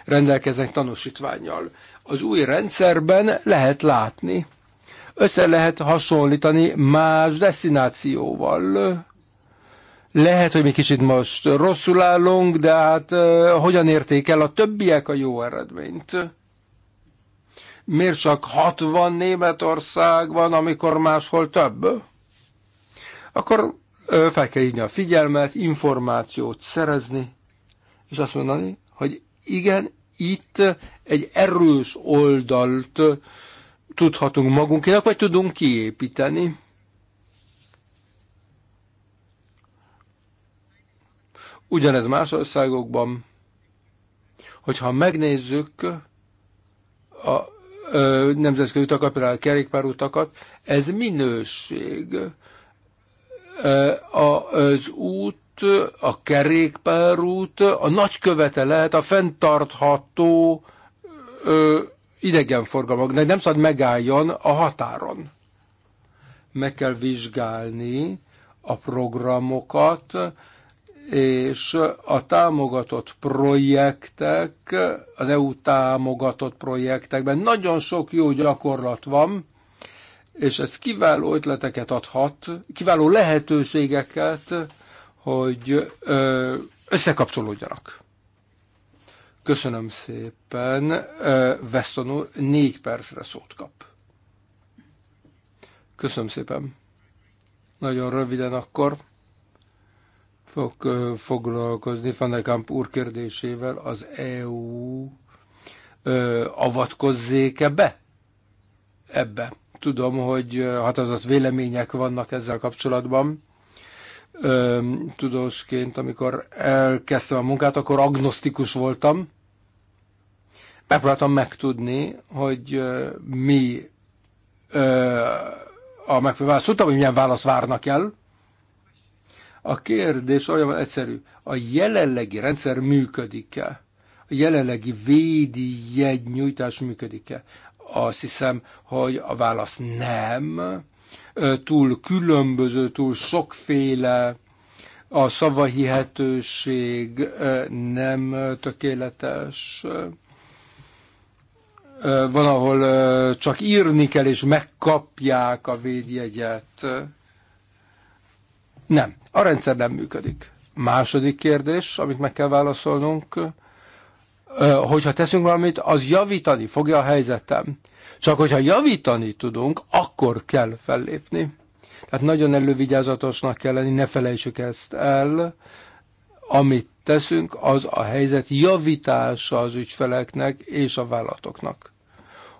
rendelkeznek tanúsítványjal. Az új rendszerben lehet látni, össze lehet hasonlítani más destinációval lehet, hogy mi kicsit most rosszul állunk, de hát hogyan érték el a többiek a jó eredményt? Miért csak 60 van, amikor máshol több? Akkor fel kell a figyelmet, információt szerezni, és azt mondani, hogy igen, itt egy erős oldalt tudhatunk magunkének, vagy tudunk kiépíteni. Ugyanez más országokban, hogyha megnézzük a ö, nemzetközi utakat, például a kerékpárutakat, ez minőség. az út a kerékpárút a nagykövete lehet a fenntartható ö, de nem szabad megálljon a határon. Meg kell vizsgálni a programokat, és a támogatott projektek, az EU támogatott projektekben nagyon sok jó gyakorlat van, és ez kiváló ötleteket adhat, kiváló lehetőségeket, hogy összekapcsolódjanak. Köszönöm szépen. Weston úr négy percre szót kap. Köszönöm szépen. Nagyon röviden akkor fog foglalkozni Fanekamp úr kérdésével, az EU ö, avatkozzék-e be? Ebbe. Tudom, hogy határozott vélemények vannak ezzel kapcsolatban. Ö, tudósként, amikor elkezdtem a munkát, akkor agnosztikus voltam. Megpróbáltam megtudni, hogy ö, mi ö, a megfelelő választ. Tudtam, hogy milyen választ várnak el, a kérdés olyan egyszerű. A jelenlegi rendszer működik-e? A jelenlegi védi jegynyújtás működik-e? Azt hiszem, hogy a válasz nem. Túl különböző, túl sokféle, a szavahihetőség nem tökéletes van, ahol csak írni kell, és megkapják a védjegyet. Nem, a rendszer nem működik. Második kérdés, amit meg kell válaszolnunk, hogyha teszünk valamit, az javítani fogja a helyzetem. Csak hogyha javítani tudunk, akkor kell fellépni. Tehát nagyon elővigyázatosnak kell lenni, ne felejtsük ezt el. Amit teszünk, az a helyzet javítása az ügyfeleknek és a vállalatoknak.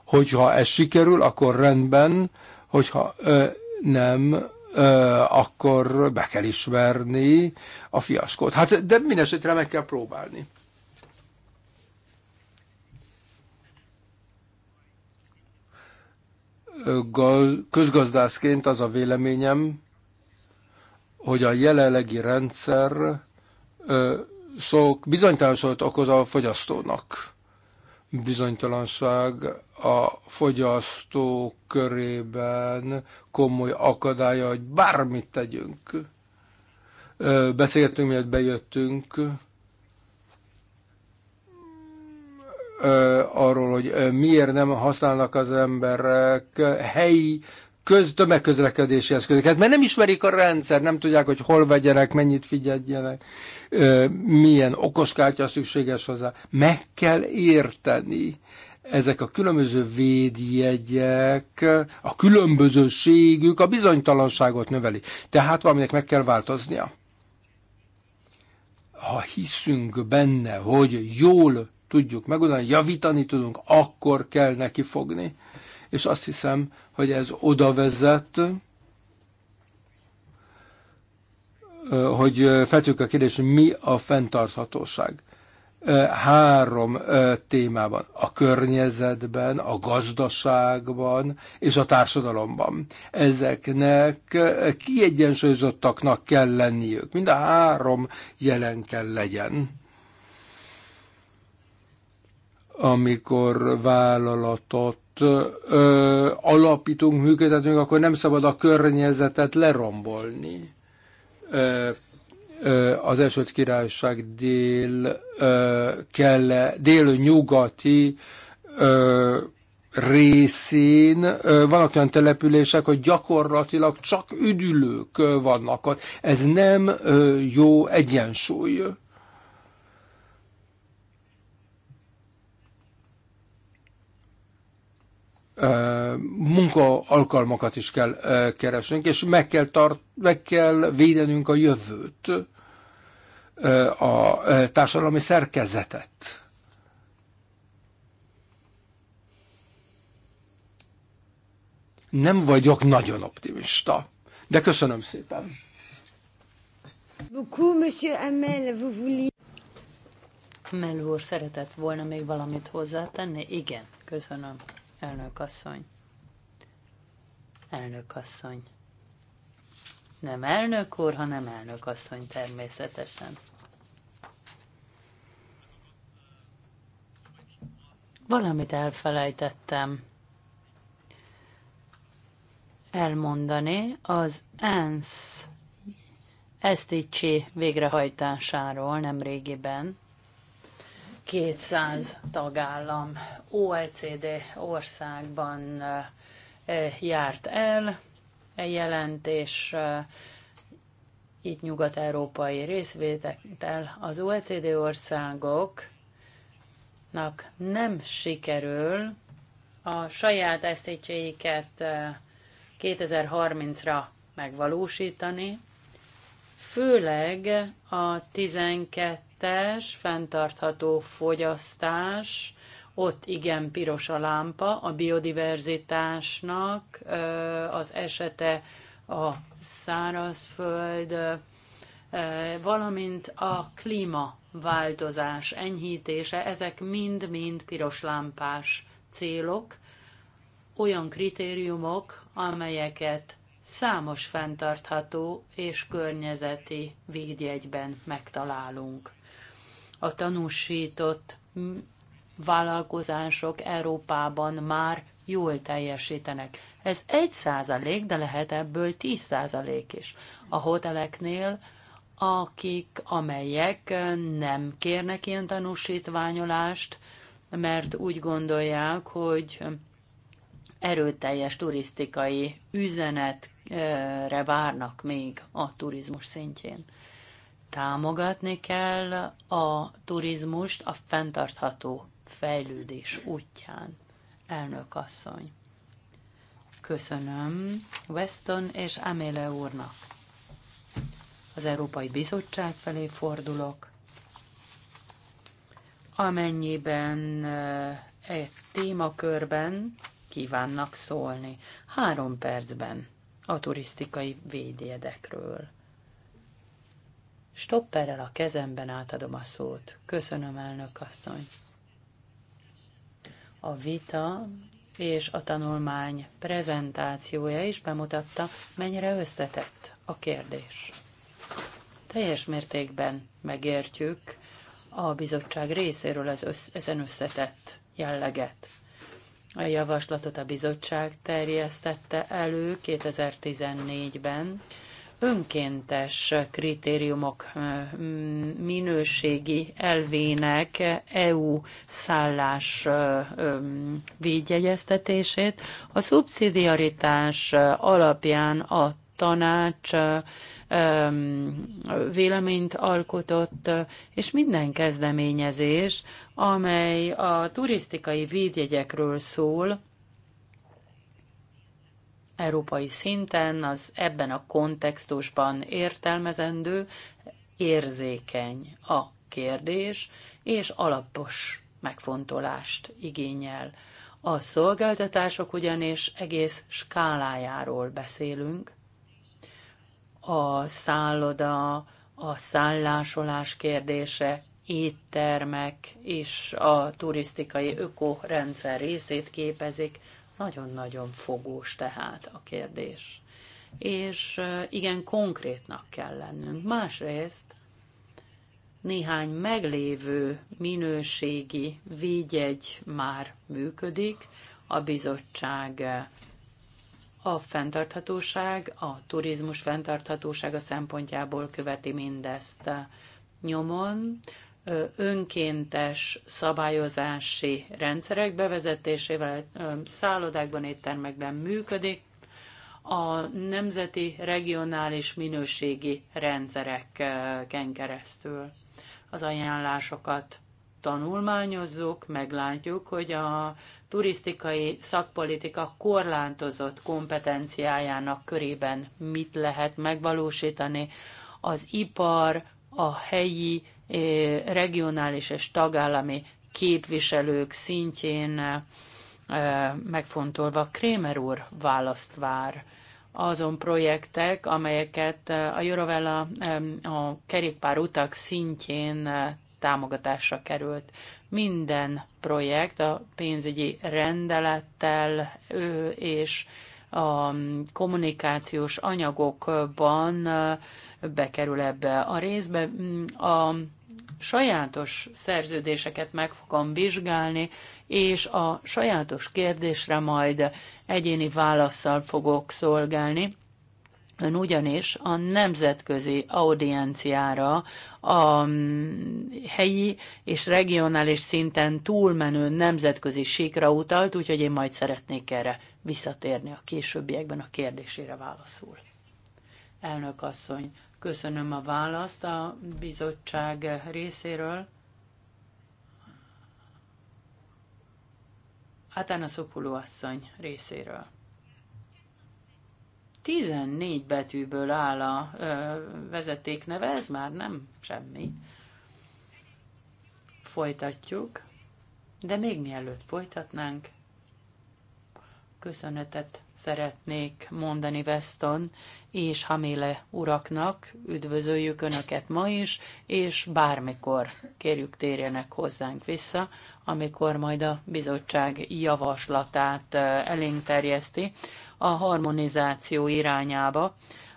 Hogyha ez sikerül, akkor rendben, hogyha ö, nem, akkor be kell ismerni a fiaskót. Hát, de mindesetre meg kell próbálni. Közgazdászként az a véleményem, hogy a jelenlegi rendszer sok bizonytalanságot okoz a fogyasztónak. Bizonytalanság a fogyasztók körében komoly akadálya, hogy bármit tegyünk. Beszéltünk, miért bejöttünk arról, hogy miért nem használnak az emberek helyi köz, tömegközlekedési eszközöket, hát, mert nem ismerik a rendszer, nem tudják, hogy hol vegyenek, mennyit figyeljenek, milyen okoskártya szükséges hozzá. Meg kell érteni ezek a különböző védjegyek, a különbözőségük a bizonytalanságot növeli. Tehát valaminek meg kell változnia. Ha hiszünk benne, hogy jól tudjuk megoldani, javítani tudunk, akkor kell neki fogni. És azt hiszem, hogy ez oda vezet, hogy feltük a kérdés, mi a fenntarthatóság három témában, a környezetben, a gazdaságban és a társadalomban. Ezeknek kiegyensúlyozottaknak kell lenniük, mind a három jelen kell legyen. Amikor vállalatot ö, alapítunk, működtetünk, akkor nem szabad a környezetet lerombolni. Ö, az Esőt Királyság dél, kell, dél-nyugati részén vannak olyan települések, hogy gyakorlatilag csak üdülők vannak ott. Ez nem jó egyensúly. munkaalkalmakat is kell keresnünk, és meg kell, tart, meg kell védenünk a jövőt a társadalmi szerkezetet. Nem vagyok nagyon optimista, de köszönöm szépen. Beaucoup, monsieur Amel, vous vouliez... úr, szeretett volna még valamit hozzátenni? Igen, köszönöm, elnök asszony. Elnök asszony. Nem elnök úr, hanem elnök asszony természetesen. Valamit elfelejtettem elmondani az ENSZ esztítsi végrehajtásáról nem régiben. 200 tagállam OECD országban eh, járt el egy jelentés, eh, itt nyugat-európai részvétel az OECD országok nak nem sikerül a saját esztétjeiket 2030-ra eh, megvalósítani, főleg a 12-es fenntartható fogyasztás, ott igen piros a lámpa, a biodiverzitásnak eh, az esete a szárazföld, eh, valamint a klíma változás, enyhítése, ezek mind-mind piros lámpás célok, olyan kritériumok, amelyeket számos fenntartható és környezeti védjegyben megtalálunk. A tanúsított vállalkozások Európában már jól teljesítenek. Ez egy százalék, de lehet ebből 10 százalék is. A hoteleknél akik, amelyek nem kérnek ilyen tanúsítványolást, mert úgy gondolják, hogy erőteljes turisztikai üzenetre várnak még a turizmus szintjén. Támogatni kell a turizmust a fenntartható fejlődés útján. Elnök asszony. Köszönöm Weston és Améle úrnak az Európai Bizottság felé fordulok, amennyiben egy eh, e témakörben kívánnak szólni. Három percben a turisztikai védjegyekről. Stopperrel a kezemben átadom a szót. Köszönöm, elnök asszony. A vita és a tanulmány prezentációja is bemutatta, mennyire összetett a kérdés. Teljes mértékben megértjük a bizottság részéről az össz, ezen összetett jelleget. A javaslatot a bizottság terjesztette elő 2014-ben önkéntes kritériumok minőségi elvének EU szállás védjegyeztetését a szubszidiaritás alapján a tanács véleményt alkotott, és minden kezdeményezés, amely a turisztikai védjegyekről szól, európai szinten, az ebben a kontextusban értelmezendő, érzékeny a kérdés, és alapos megfontolást igényel. A szolgáltatások ugyanis egész skálájáról beszélünk, a szálloda, a szállásolás kérdése, éttermek és a turisztikai ökorendszer részét képezik. Nagyon-nagyon fogós tehát a kérdés. És igen, konkrétnak kell lennünk. Másrészt néhány meglévő minőségi vígyegy már működik, a bizottság a fenntarthatóság, a turizmus fenntarthatósága szempontjából követi mindezt nyomon. Önkéntes szabályozási rendszerek bevezetésével szállodákban, éttermekben működik, a nemzeti, regionális minőségi rendszerek keresztül az ajánlásokat tanulmányozzuk, meglátjuk, hogy a turisztikai szakpolitika korlátozott kompetenciájának körében mit lehet megvalósítani. Az ipar, a helyi, eh, regionális és tagállami képviselők szintjén eh, megfontolva Krémer úr választ vár azon projektek, amelyeket eh, a Jorovella, a kerékpár utak szintjén támogatásra került. Minden projekt a pénzügyi rendelettel és a kommunikációs anyagokban bekerül ebbe a részbe. A sajátos szerződéseket meg fogom vizsgálni, és a sajátos kérdésre majd egyéni válaszsal fogok szolgálni, Ön ugyanis a nemzetközi audienciára a mm, helyi és regionális szinten túlmenő nemzetközi síkra utalt, úgyhogy én majd szeretnék erre visszatérni a későbbiekben a kérdésére válaszul. Elnök asszony, köszönöm a választ a bizottság részéről. Atanasopulu asszony részéről. 14 betűből áll a ö, vezetékneve, ez már nem semmi. Folytatjuk, de még mielőtt folytatnánk, köszönetet szeretnék mondani Weston és Hamile uraknak. Üdvözöljük Önöket ma is, és bármikor kérjük térjenek hozzánk vissza, amikor majd a bizottság javaslatát elénk terjeszti a harmonizáció irányába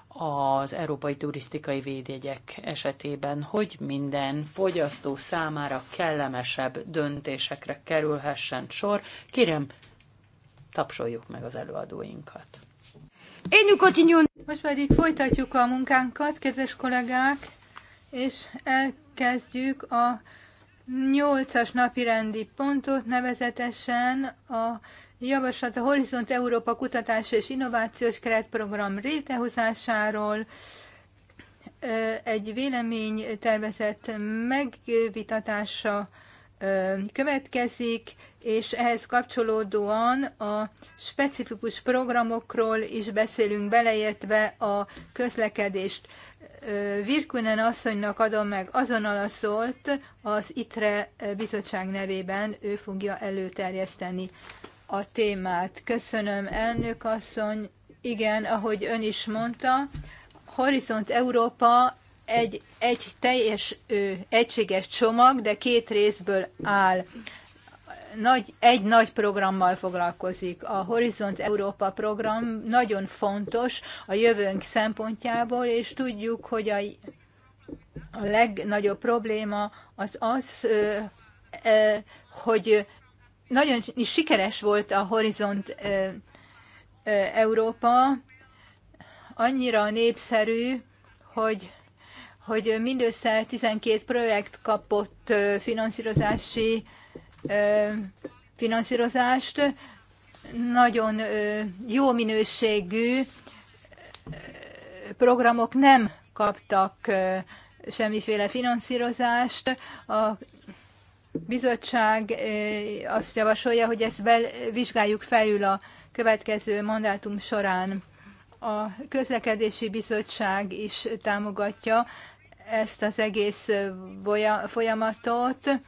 az európai turisztikai védjegyek esetében, hogy minden fogyasztó számára kellemesebb döntésekre kerülhessen sor. Kérem, tapsoljuk meg az előadóinkat. Én continuons. Most pedig folytatjuk a munkánkat, kedves kollégák, és elkezdjük a nyolcas napi rendi pontot, nevezetesen a javaslat a Horizont Európa Kutatás és Innovációs Keretprogram létrehozásáról, egy véleménytervezet megvitatása következik, és ehhez kapcsolódóan a specifikus programokról is beszélünk beleértve a közlekedést. Virkunen asszonynak adom meg azonnal a szólt, az ITRE bizottság nevében ő fogja előterjeszteni a témát. Köszönöm, elnök asszony. Igen, ahogy ön is mondta, Horizont Európa egy, egy teljes ö, egységes csomag, de két részből áll. Nagy, egy nagy programmal foglalkozik. A Horizont Európa program nagyon fontos a jövőnk szempontjából, és tudjuk, hogy a, a legnagyobb probléma az az, ö, ö, hogy nagyon is sikeres volt a Horizont Európa, annyira népszerű, hogy, hogy mindössze 12 projekt kapott finanszírozási finanszírozást, nagyon jó minőségű programok nem kaptak semmiféle finanszírozást. A bizottság azt javasolja, hogy ezt vizsgáljuk felül a következő mandátum során. A közlekedési bizottság is támogatja ezt az egész folyamatot.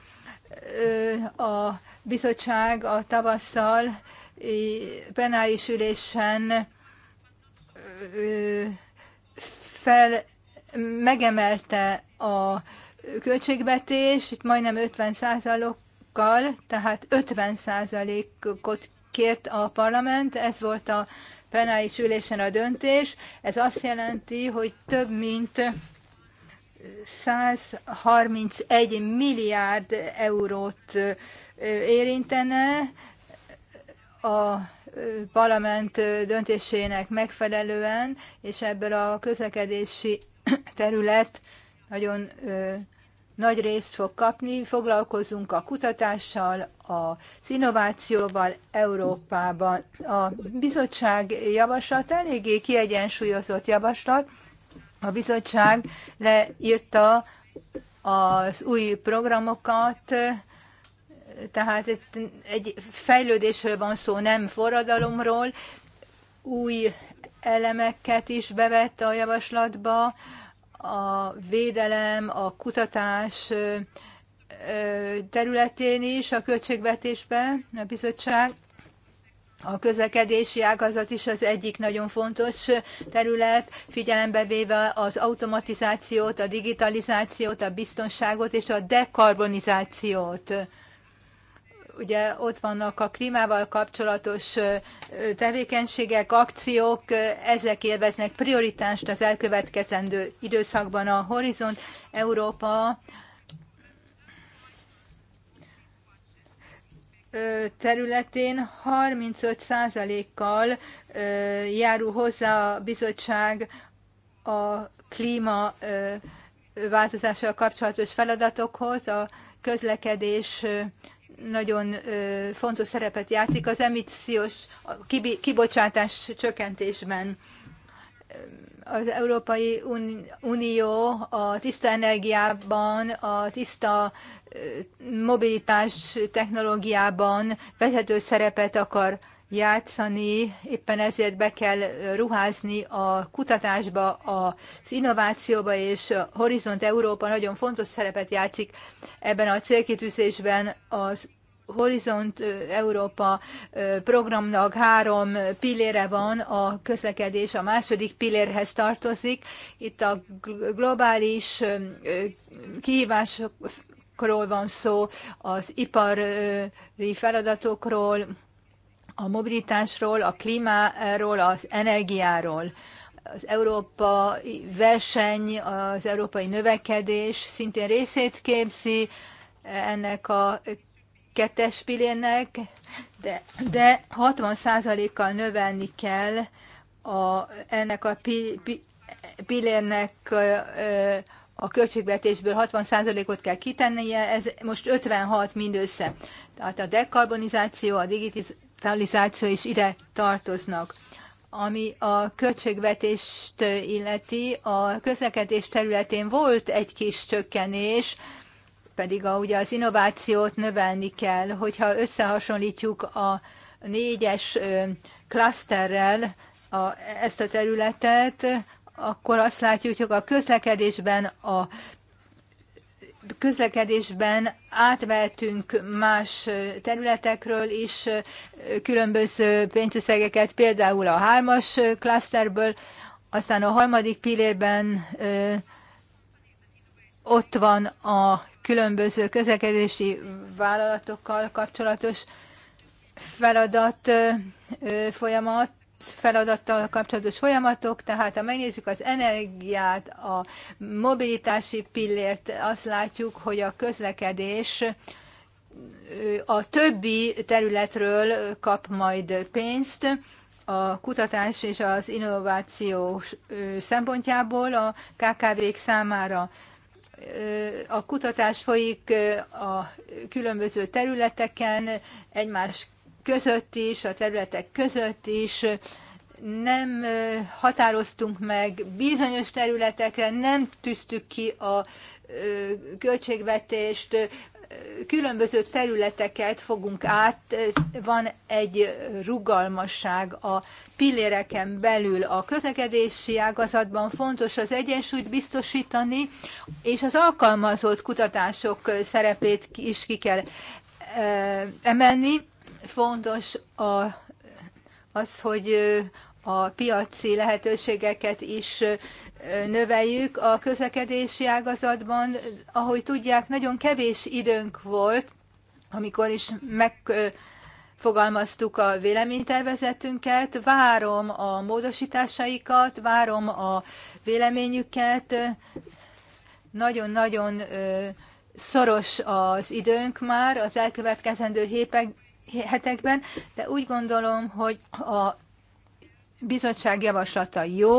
A bizottság a tavasszal penális ülésen fel megemelte a költségvetés, itt majdnem 50 kal tehát 50 százalékot kért a parlament, ez volt a plenáris ülésen a döntés. Ez azt jelenti, hogy több mint 131 milliárd eurót érintene a parlament döntésének megfelelően, és ebből a közlekedési terület nagyon nagy részt fog kapni. Foglalkozunk a kutatással, az innovációval Európában. A bizottság javaslat eléggé kiegyensúlyozott javaslat. A bizottság leírta az új programokat, tehát itt egy fejlődésről van szó, nem forradalomról. Új elemeket is bevett a javaslatba, a védelem, a kutatás területén is a költségvetésbe a bizottság. A közlekedési ágazat is az egyik nagyon fontos terület, figyelembe véve az automatizációt, a digitalizációt, a biztonságot és a dekarbonizációt ugye ott vannak a klímával kapcsolatos tevékenységek, akciók, ezek élveznek prioritást az elkövetkezendő időszakban a Horizont Európa területén 35%-kal járul hozzá a bizottság a klíma változással kapcsolatos feladatokhoz, a közlekedés nagyon fontos szerepet játszik az emissziós kibocsátás csökkentésben. Az Európai Unió a tiszta energiában, a tiszta mobilitás technológiában vezető szerepet akar játszani, éppen ezért be kell ruházni a kutatásba, az innovációba, és Horizont Európa nagyon fontos szerepet játszik ebben a célkitűzésben az Horizont Európa programnak három pillére van, a közlekedés a második pillérhez tartozik. Itt a globális kihívásokról van szó, az ipari feladatokról, a mobilitásról, a klímáról, az energiáról. Az Európa verseny, az európai növekedés szintén részét képzi ennek a kettes pillérnek, de, de 60%-kal növelni kell a, ennek a pi, pi, pillérnek a költségvetésből 60%-ot kell kitennie, ez most 56 mindössze. Tehát a dekarbonizáció, a digitalizáció is ide tartoznak. Ami a költségvetést illeti, a közlekedés területén volt egy kis csökkenés, pedig a, ugye az innovációt növelni kell. Hogyha összehasonlítjuk a négyes klaszterrel ezt a területet, akkor azt látjuk, hogy a közlekedésben, a közlekedésben átvettünk más területekről is különböző pénzösszegeket, például a hármas klaszterből, aztán a harmadik pillérben ott van a különböző közlekedési vállalatokkal kapcsolatos feladat folyamat, feladattal kapcsolatos folyamatok, tehát ha megnézzük az energiát, a mobilitási pillért, azt látjuk, hogy a közlekedés a többi területről kap majd pénzt, a kutatás és az innováció szempontjából a KKV-k számára a kutatás folyik a különböző területeken, egymás között is, a területek között is, nem határoztunk meg bizonyos területekre, nem tűztük ki a költségvetést, különböző területeket fogunk át, van egy rugalmasság a pilléreken belül a közlekedési ágazatban fontos az egyensúlyt biztosítani, és az alkalmazott kutatások szerepét is ki kell emelni fontos a, az, hogy a piaci lehetőségeket is növeljük a közlekedési ágazatban. Ahogy tudják, nagyon kevés időnk volt, amikor is megfogalmaztuk a véleménytervezetünket. Várom a módosításaikat, várom a véleményüket. Nagyon-nagyon szoros az időnk már az elkövetkezendő hetekben, de úgy gondolom, hogy a bizottság javaslata jó,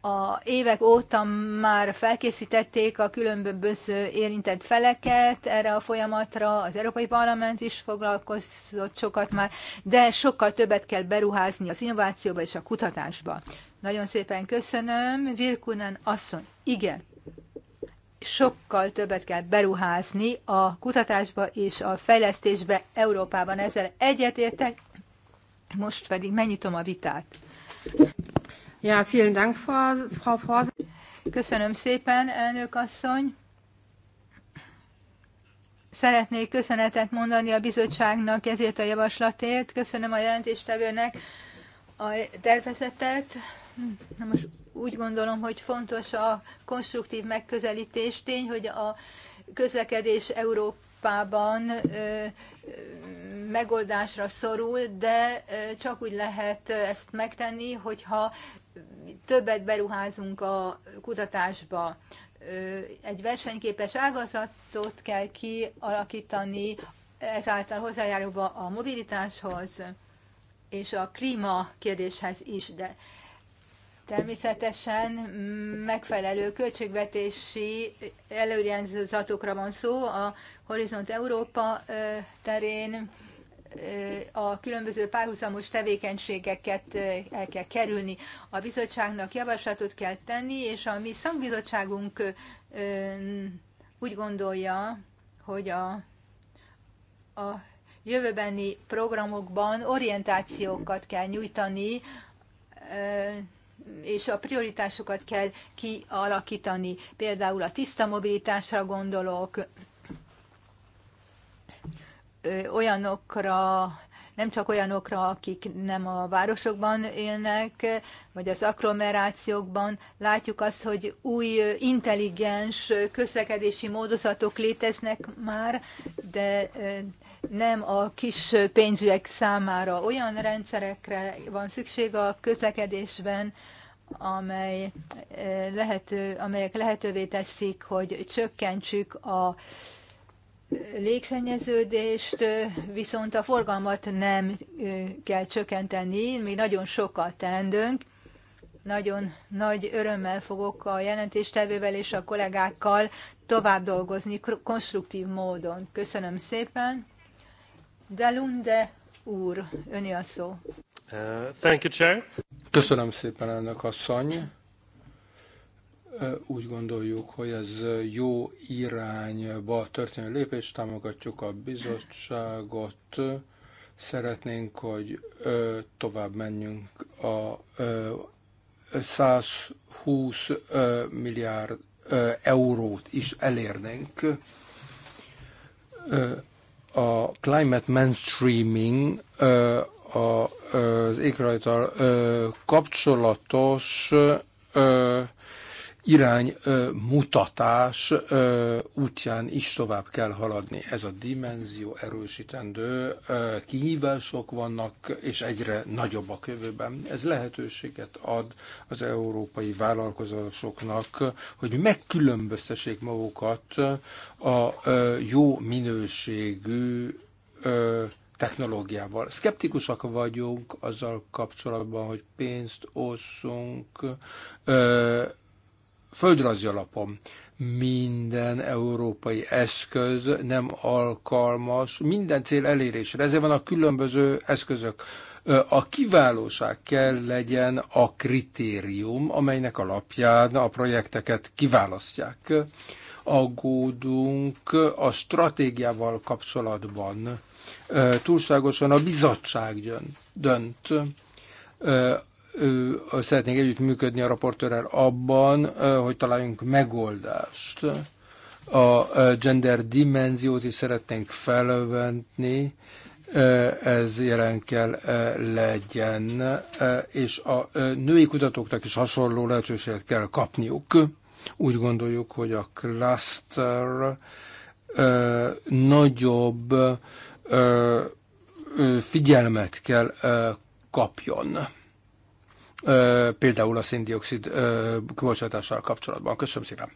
a évek óta már felkészítették a különböző érintett feleket erre a folyamatra, az Európai Parlament is foglalkozott sokat már, de sokkal többet kell beruházni az innovációba és a kutatásba. Nagyon szépen köszönöm. Virkunen asszony, igen sokkal többet kell beruházni a kutatásba és a fejlesztésbe Európában. Ezzel egyetértek, most pedig megnyitom a vitát. Ja, vielen Dank, Frau Forz. Köszönöm szépen, elnök asszony. Szeretnék köszönetet mondani a bizottságnak ezért a javaslatért. Köszönöm a jelentéstevőnek a tervezetet. Na most úgy gondolom, hogy fontos a konstruktív megközelítés. Tény, hogy a közlekedés Európában megoldásra szorul, de csak úgy lehet ezt megtenni, hogyha többet beruházunk a kutatásba. Egy versenyképes ágazatot kell kialakítani, ezáltal hozzájárulva a mobilitáshoz és a klíma kérdéshez is, de Természetesen megfelelő költségvetési előirányzatokra van szó a Horizont Európa terén, a különböző párhuzamos tevékenységeket el kell kerülni. A bizottságnak javaslatot kell tenni, és a mi szakbizottságunk úgy gondolja, hogy a, a jövőbeni programokban orientációkat kell nyújtani és a prioritásokat kell kialakítani. Például a tiszta mobilitásra gondolok, olyanokra, nem csak olyanokra, akik nem a városokban élnek, vagy az agglomerációkban. Látjuk azt, hogy új intelligens közlekedési módozatok léteznek már, de nem a kis pénzügyek számára. Olyan rendszerekre van szükség a közlekedésben, amely eh, lehető, amelyek lehetővé teszik, hogy csökkentsük a eh, légszennyeződést, eh, viszont a forgalmat nem kell csökkenteni, mi nagyon sokat teendőnk. Nagyon nagy örömmel fogok a jelentéstevővel és a kollégákkal tovább dolgozni konstruktív módon. Köszönöm szépen. De Lunde úr, öni a szó. Uh, thank you, Chair. Köszönöm szépen, elnök asszony. Uh, úgy gondoljuk, hogy ez jó irányba történő lépés, támogatjuk a bizottságot, szeretnénk, hogy uh, tovább menjünk a 120 milliárd eurót is elérnénk. A climate mainstreaming a, az ékrajtal kapcsolatos ö, irány ö, mutatás ö, útján is tovább kell haladni. Ez a dimenzió erősítendő, ö, kihívások vannak, és egyre nagyobbak kövőben. Ez lehetőséget ad az európai vállalkozásoknak, hogy megkülönböztessék magukat a ö, jó minőségű ö, technológiával. Skeptikusak vagyunk azzal kapcsolatban, hogy pénzt osszunk ö, földrajzi alapon. Minden európai eszköz nem alkalmas minden cél elérésére. Ezért van a különböző eszközök. A kiválóság kell legyen a kritérium, amelynek alapján a projekteket kiválasztják. Aggódunk a stratégiával kapcsolatban túlságosan a bizottság dönt. Szeretnénk együttműködni a raportőrrel abban, hogy találjunk megoldást. A gender dimenziót is szeretnénk felvenni, ez jelen kell legyen, és a női kutatóknak is hasonló lehetőséget kell kapniuk. Úgy gondoljuk, hogy a cluster nagyobb figyelmet kell kapjon. Például a széndiokszid kibocsátással kapcsolatban. Köszönöm szépen.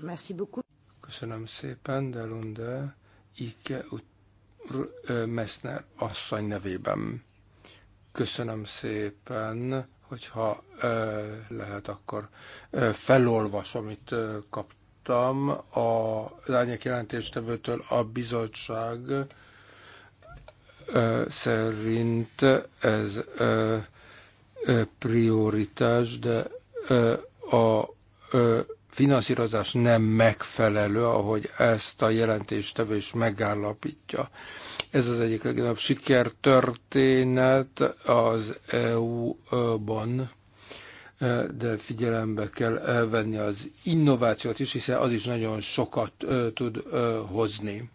Merci beaucoup. Köszönöm szépen, Delunde Ike Messner asszony nevében. Köszönöm szépen, hogyha lehet, akkor felolvasom, amit kaptam kaptam a lányok jelentéstevőtől a bizottság szerint ez prioritás, de a finanszírozás nem megfelelő, ahogy ezt a jelentéstevő is megállapítja. Ez az egyik legnagyobb sikertörténet az EU-ban de figyelembe kell elvenni az innovációt is, hiszen az is nagyon sokat tud hozni.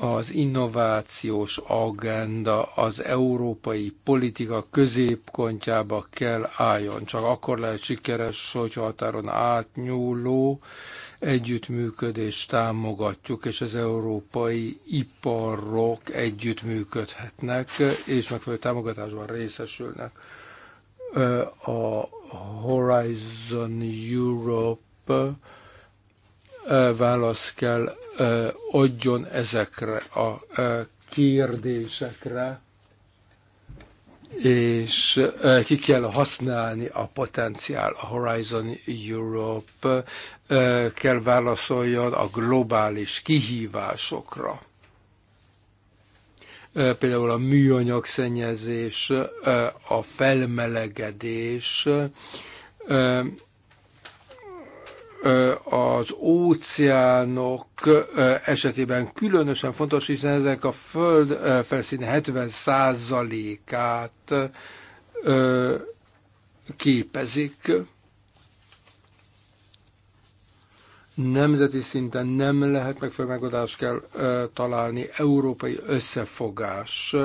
az innovációs agenda az európai politika középpontjába kell álljon. Csak akkor lehet sikeres, hogy határon átnyúló együttműködést támogatjuk, és az európai iparok együttműködhetnek, és megfelelő támogatásban részesülnek. A Horizon Europe választ kell adjon ezekre a kérdésekre, és ki kell használni a potenciál. A Horizon Europe kell válaszoljon a globális kihívásokra. Például a műanyag szennyezés, a felmelegedés, az óceánok esetében különösen fontos, hiszen ezek a föld felszín 70%-át képezik. Nemzeti szinten nem lehet megfelelő megoldást kell találni, európai összefogás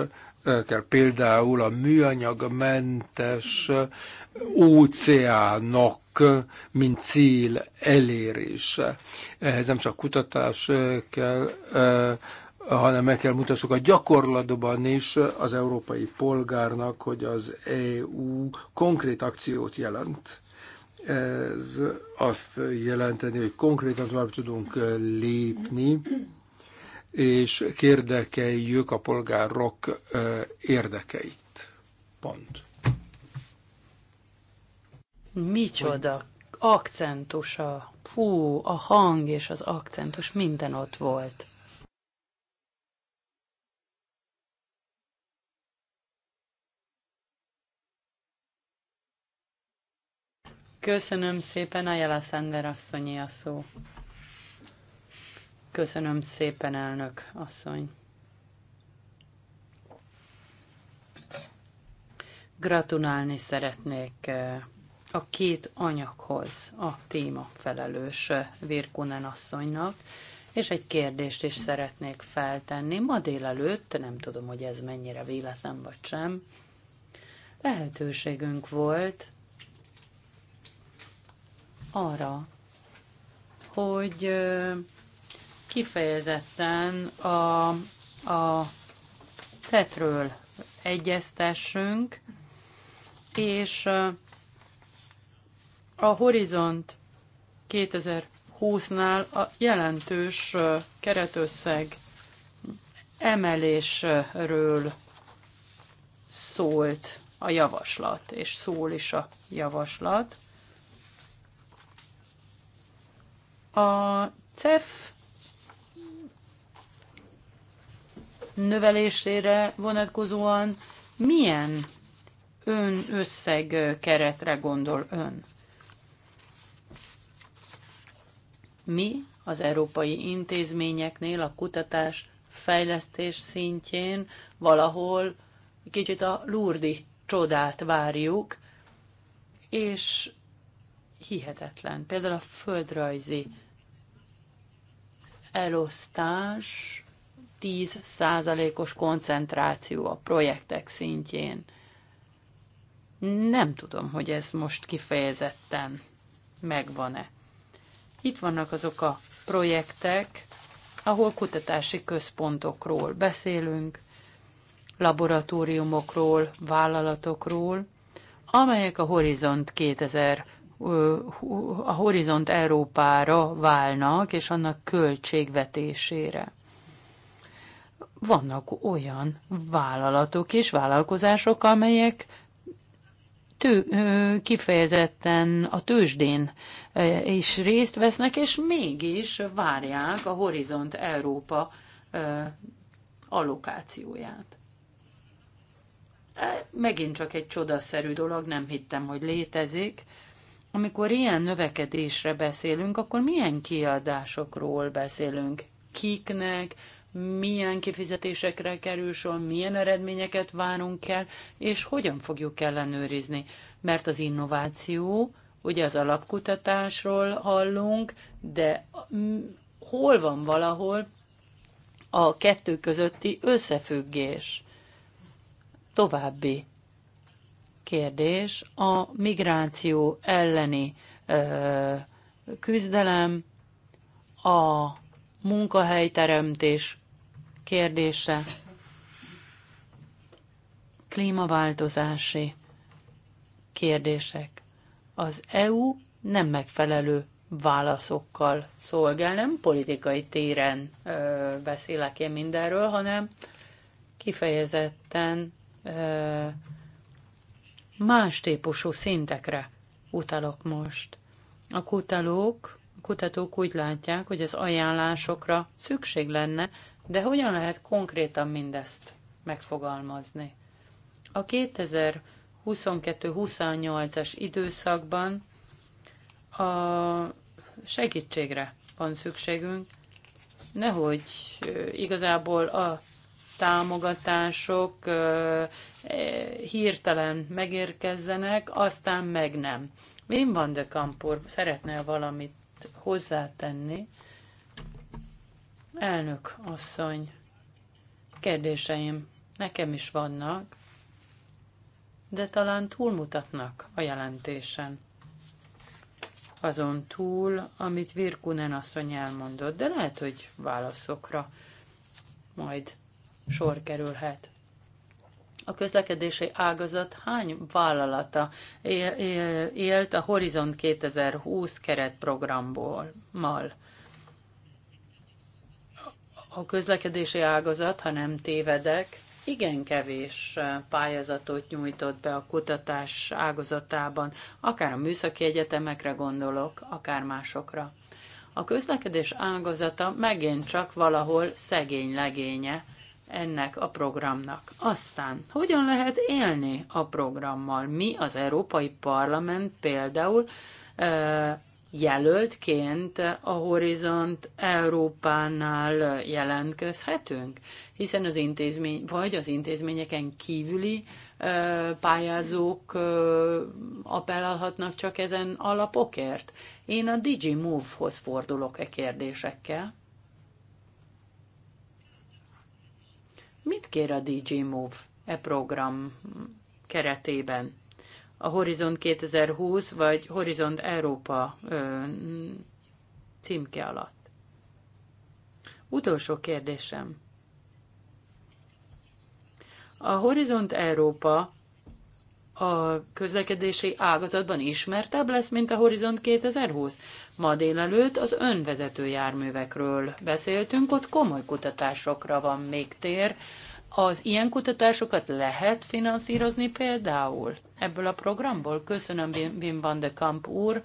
kell például a műanyagmentes óceánok mint cél elérése. Ehhez nem csak kutatás eh, kell, eh, hanem meg kell mutassuk a gyakorlatban is az európai polgárnak, hogy az EU konkrét akciót jelent. Ez azt jelenteni, hogy konkrétan tovább tudunk eh, lépni, és kérdekeljük a polgárok érdekeit. Pont. Micsoda akcentusa, fú, a hang és az akcentus minden ott volt. Köszönöm szépen, Ajala Szender asszonyi a szó. Köszönöm szépen, elnök asszony. Gratulálni szeretnék eh, a két anyaghoz a téma felelős eh, Virkunen asszonynak, és egy kérdést is szeretnék feltenni. Ma délelőtt, nem tudom, hogy ez mennyire véletlen vagy sem, lehetőségünk volt arra, hogy eh, kifejezetten a, a cetről egyeztessünk, és eh, a Horizont 2020-nál a jelentős keretösszeg emelésről szólt a javaslat, és szól is a javaslat. A CEF növelésére vonatkozóan milyen ön összeg keretre gondol ön? Mi az európai intézményeknél a kutatás fejlesztés szintjén valahol kicsit a lurdi csodát várjuk, és hihetetlen. Például a földrajzi elosztás 10%-os koncentráció a projektek szintjén. Nem tudom, hogy ez most kifejezetten megvan-e. Itt vannak azok a projektek, ahol kutatási központokról beszélünk, laboratóriumokról, vállalatokról, amelyek a Horizont 2000 a Horizont Európára válnak, és annak költségvetésére. Vannak olyan vállalatok és vállalkozások, amelyek tő, kifejezetten a tőzsdén is részt vesznek, és mégis várják a Horizont Európa allokációját. Megint csak egy csodaszerű dolog, nem hittem, hogy létezik. Amikor ilyen növekedésre beszélünk, akkor milyen kiadásokról beszélünk? Kiknek, milyen kifizetésekre kerül sor, milyen eredményeket várunk el, és hogyan fogjuk ellenőrizni. Mert az innováció, ugye az alapkutatásról hallunk, de hol van valahol a kettő közötti összefüggés? További kérdés a migráció elleni ö, küzdelem, a munkahelyteremtés kérdése klímaváltozási kérdések. Az EU nem megfelelő válaszokkal szolgál, nem politikai téren ö, beszélek én mindenről, hanem kifejezetten ö, más típusú szintekre utalok most. A kutalók, kutatók úgy látják, hogy az ajánlásokra szükség lenne, de hogyan lehet konkrétan mindezt megfogalmazni? A 2022-28-as időszakban a segítségre van szükségünk, nehogy igazából a támogatások e, hirtelen megérkezzenek, aztán meg nem. Wim van de Kampur szeretne valamit hozzátenni Elnök asszony, kérdéseim nekem is vannak, de talán túlmutatnak a jelentésen. Azon túl, amit Virkunen asszony elmondott, de lehet, hogy válaszokra majd sor kerülhet. A közlekedési ágazat hány vállalata élt a Horizon 2020 keretprogramból? Mal a közlekedési ágazat, ha nem tévedek, igen kevés pályázatot nyújtott be a kutatás ágazatában, akár a műszaki egyetemekre gondolok, akár másokra. A közlekedés ágazata megint csak valahol szegény legénye ennek a programnak. Aztán, hogyan lehet élni a programmal? Mi az Európai Parlament például jelöltként a Horizont Európánál jelentkezhetünk, hiszen az intézmény, vagy az intézményeken kívüli pályázók appellálhatnak csak ezen alapokért. Én a DigiMove-hoz fordulok e kérdésekkel. Mit kér a DigiMove e program keretében? a Horizont 2020 vagy Horizont Európa címke alatt. Utolsó kérdésem. A Horizont Európa a közlekedési ágazatban ismertebb lesz, mint a Horizont 2020. Ma délelőtt az önvezető járművekről beszéltünk, ott komoly kutatásokra van még tér az ilyen kutatásokat lehet finanszírozni például ebből a programból? Köszönöm, Wim van de Kamp úr.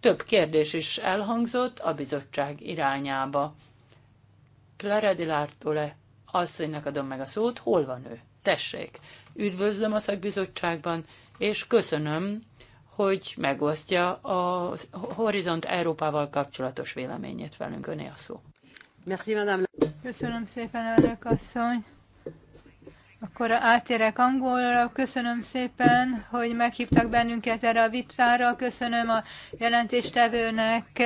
Több kérdés is elhangzott a bizottság irányába. Clara de Lartole asszonynak adom meg a szót, hol van ő? Tessék, üdvözlöm a szakbizottságban, és köszönöm, hogy megosztja a Horizont Európával kapcsolatos véleményét velünk. Öné a szó. Merci, madame. Köszönöm szépen, elnök asszony. Akkor átérek angolra. Köszönöm szépen, hogy meghívtak bennünket erre a vitára. Köszönöm a jelentéstevőnek,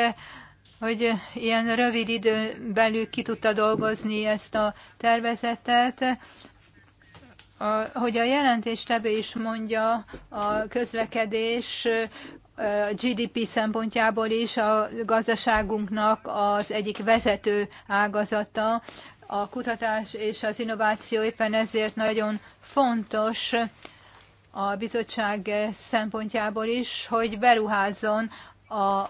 hogy ilyen rövid időn belül ki tudta dolgozni ezt a tervezetet. A, hogy a jelentéstevő is mondja, a közlekedés a GDP szempontjából is a gazdaságunknak az egyik vezető ágazata. A kutatás és az innováció éppen ezért nagyon fontos a bizottság szempontjából is, hogy beruházzon a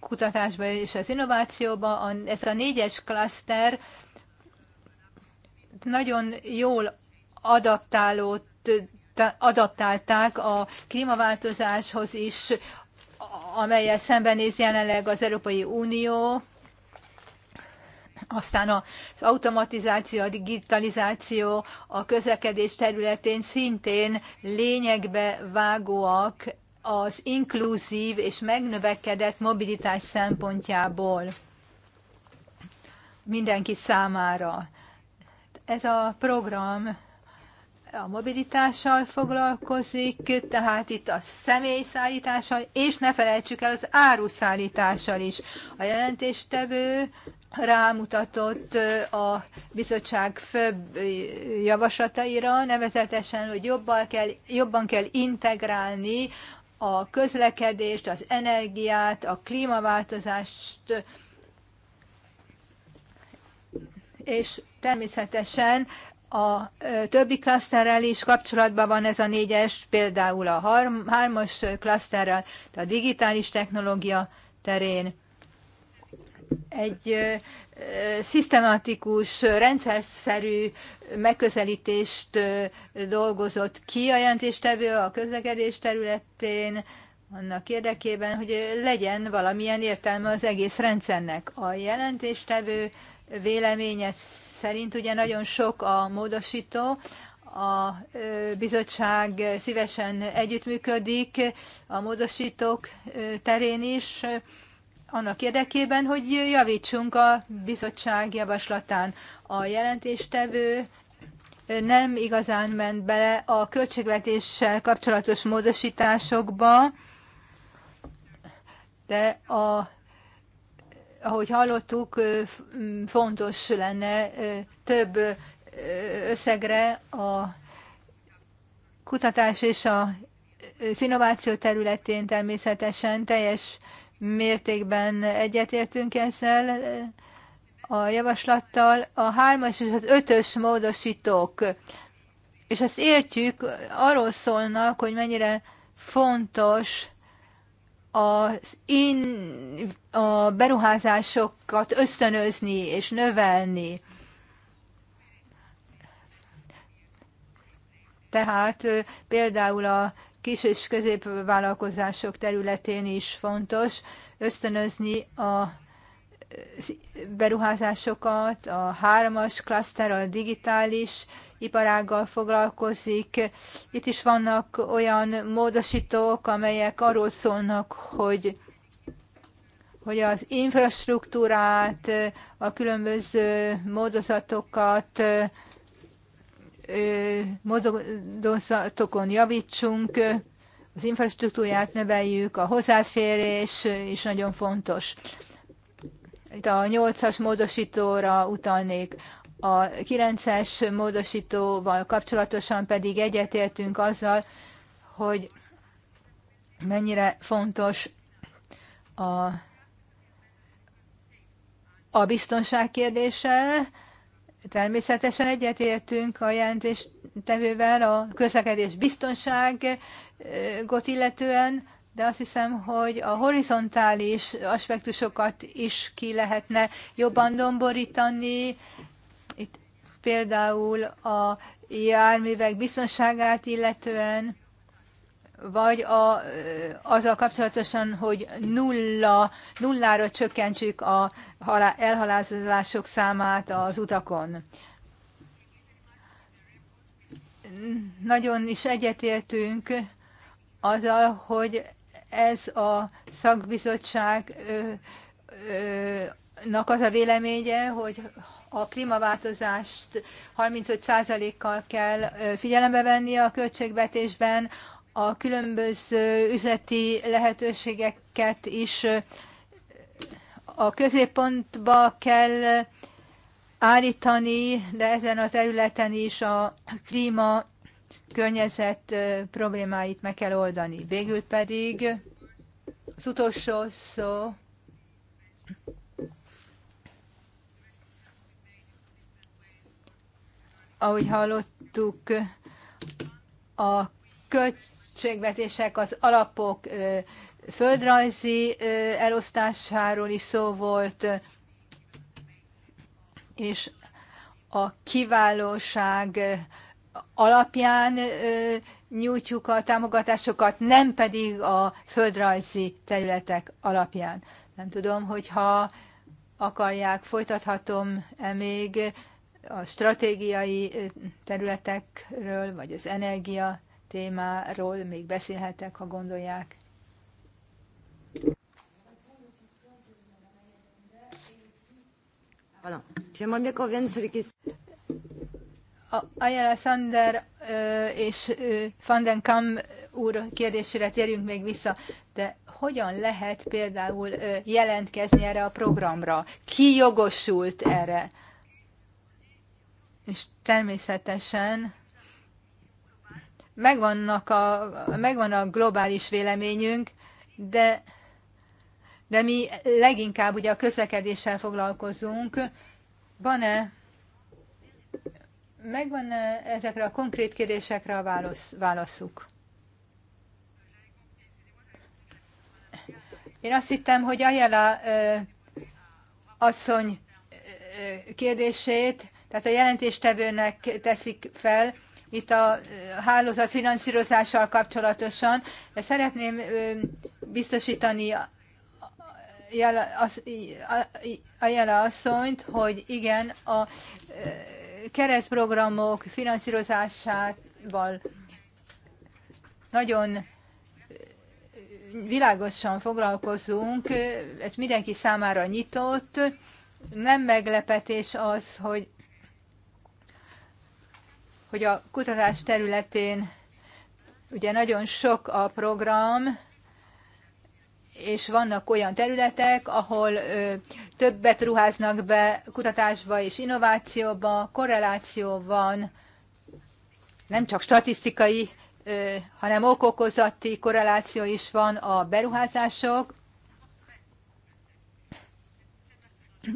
kutatásba és az innovációba. Ez a négyes klaszter nagyon jól adaptálták a klímaváltozáshoz is, amelyel szembenéz jelenleg az Európai Unió, aztán az automatizáció, a digitalizáció a közlekedés területén szintén lényegbe vágóak az inkluzív és megnövekedett mobilitás szempontjából mindenki számára. Ez a program a mobilitással foglalkozik, tehát itt a személyszállítással, és ne felejtsük el az áruszállítással is. A jelentéstevő rámutatott a bizottság főbb javaslataira, nevezetesen, hogy jobban kell, jobban kell integrálni a közlekedést, az energiát, a klímaváltozást, és természetesen a többi klaszterrel is kapcsolatban van ez a négyes, például a hármas klaszterrel, a digitális technológia terén egy szisztematikus, rendszerszerű megközelítést dolgozott ki a jelentéstevő a közlekedés területén, annak érdekében, hogy legyen valamilyen értelme az egész rendszernek. A jelentéstevő véleménye szerint ugye nagyon sok a módosító, a bizottság szívesen együttműködik a módosítók terén is, annak érdekében, hogy javítsunk a bizottság javaslatán. A jelentéstevő nem igazán ment bele a költségvetéssel kapcsolatos módosításokba, de a, ahogy hallottuk, fontos lenne több összegre a kutatás és a innováció területén természetesen teljes mértékben egyetértünk ezzel a javaslattal. A hármas és az ötös módosítók, és ezt értjük, arról szólnak, hogy mennyire fontos az in, a beruházásokat ösztönözni és növelni. Tehát például a kis- és középvállalkozások területén is fontos ösztönözni a beruházásokat, a hármas klaszter, a digitális iparággal foglalkozik. Itt is vannak olyan módosítók, amelyek arról szólnak, hogy hogy az infrastruktúrát, a különböző módozatokat módozatokon javítsunk, az infrastruktúrát neveljük, a hozzáférés is nagyon fontos. Itt a 8-as módosítóra utalnék. A 9-es módosítóval kapcsolatosan pedig egyetértünk azzal, hogy mennyire fontos a, a biztonság kérdése, Természetesen egyetértünk a jelentéstevővel a közlekedés biztonságot illetően, de azt hiszem, hogy a horizontális aspektusokat is ki lehetne jobban domborítani. Itt például a járművek biztonságát illetően vagy a, azzal kapcsolatosan, hogy nulla, nullára csökkentsük a elhalálozások számát az utakon. Nagyon is egyetértünk azzal, hogy ez a szakbizottságnak az a véleménye, hogy a klímaváltozást 35%-kal kell figyelembe venni a költségvetésben, a különböző üzleti lehetőségeket is a középpontba kell állítani, de ezen a területen is a klíma környezet problémáit meg kell oldani. Végül pedig az utolsó szó ahogy hallottuk, a költség költségvetések, az alapok földrajzi elosztásáról is szó volt, és a kiválóság alapján nyújtjuk a támogatásokat, nem pedig a földrajzi területek alapján. Nem tudom, hogyha akarják, folytathatom-e még a stratégiai területekről, vagy az energia témáról még beszélhetek, ha gondolják. Pardon. Sander és Van den Kam úr kérdésére térjünk még vissza, de hogyan lehet például jelentkezni erre a programra? Ki jogosult erre? És természetesen megvannak a, megvan a globális véleményünk, de, de mi leginkább ugye a közlekedéssel foglalkozunk. Van-e, megvan -e ezekre a konkrét kérdésekre a válasz, válaszuk? Én azt hittem, hogy Ajala ö, asszony kérdését, tehát a jelentéstevőnek teszik fel, itt a hálózat finanszírozással kapcsolatosan. De szeretném biztosítani a jele asszonyt, hogy igen, a keretprogramok finanszírozásával nagyon világosan foglalkozunk, ez mindenki számára nyitott. Nem meglepetés az, hogy hogy a kutatás területén ugye nagyon sok a program, és vannak olyan területek, ahol ö, többet ruháznak be kutatásba és innovációba, korreláció van, nem csak statisztikai, ö, hanem okokozati korreláció is van a beruházások,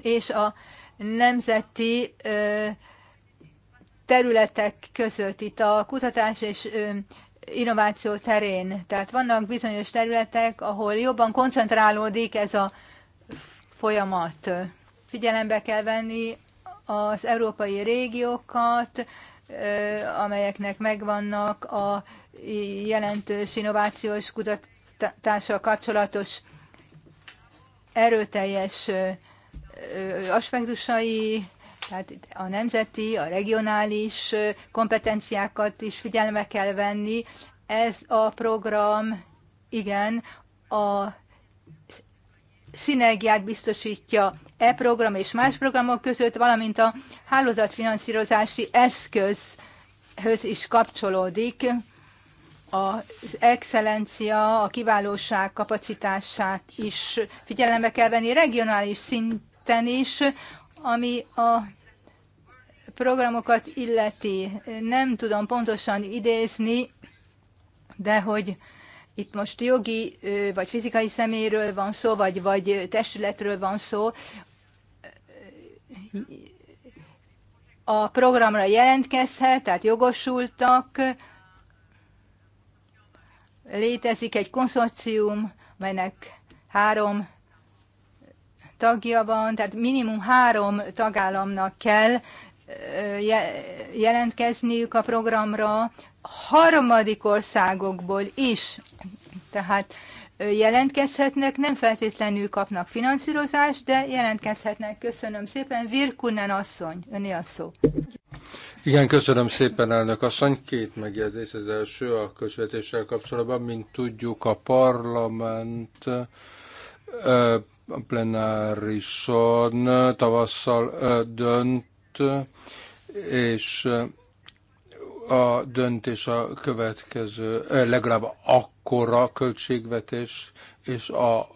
és a nemzeti ö, területek között itt a kutatás és innováció terén. Tehát vannak bizonyos területek, ahol jobban koncentrálódik ez a folyamat. Figyelembe kell venni az európai régiókat, amelyeknek megvannak a jelentős innovációs kutatással kapcsolatos erőteljes aspektusai, tehát a nemzeti, a regionális kompetenciákat is figyelembe kell venni. Ez a program, igen, a szinergiát biztosítja e program és más programok között, valamint a hálózatfinanszírozási eszközhöz is kapcsolódik az excellencia, a kiválóság kapacitását is figyelembe kell venni regionális szinten is, ami a programokat illeti, nem tudom pontosan idézni, de hogy itt most jogi vagy fizikai személyről van szó, vagy, vagy testületről van szó, a programra jelentkezhet, tehát jogosultak, létezik egy konszorcium, melynek három tagja van, tehát minimum három tagállamnak kell jelentkezniük a programra harmadik országokból is. Tehát jelentkezhetnek, nem feltétlenül kapnak finanszírozást, de jelentkezhetnek. Köszönöm szépen. Virkunen asszony, öné a szó. Igen, köszönöm szépen, elnök asszony. Két megjegyzés. Az első a közvetéssel kapcsolatban, mint tudjuk, a parlament a plenárison tavasszal dönt és a döntés a következő, legalább akkora költségvetés, és a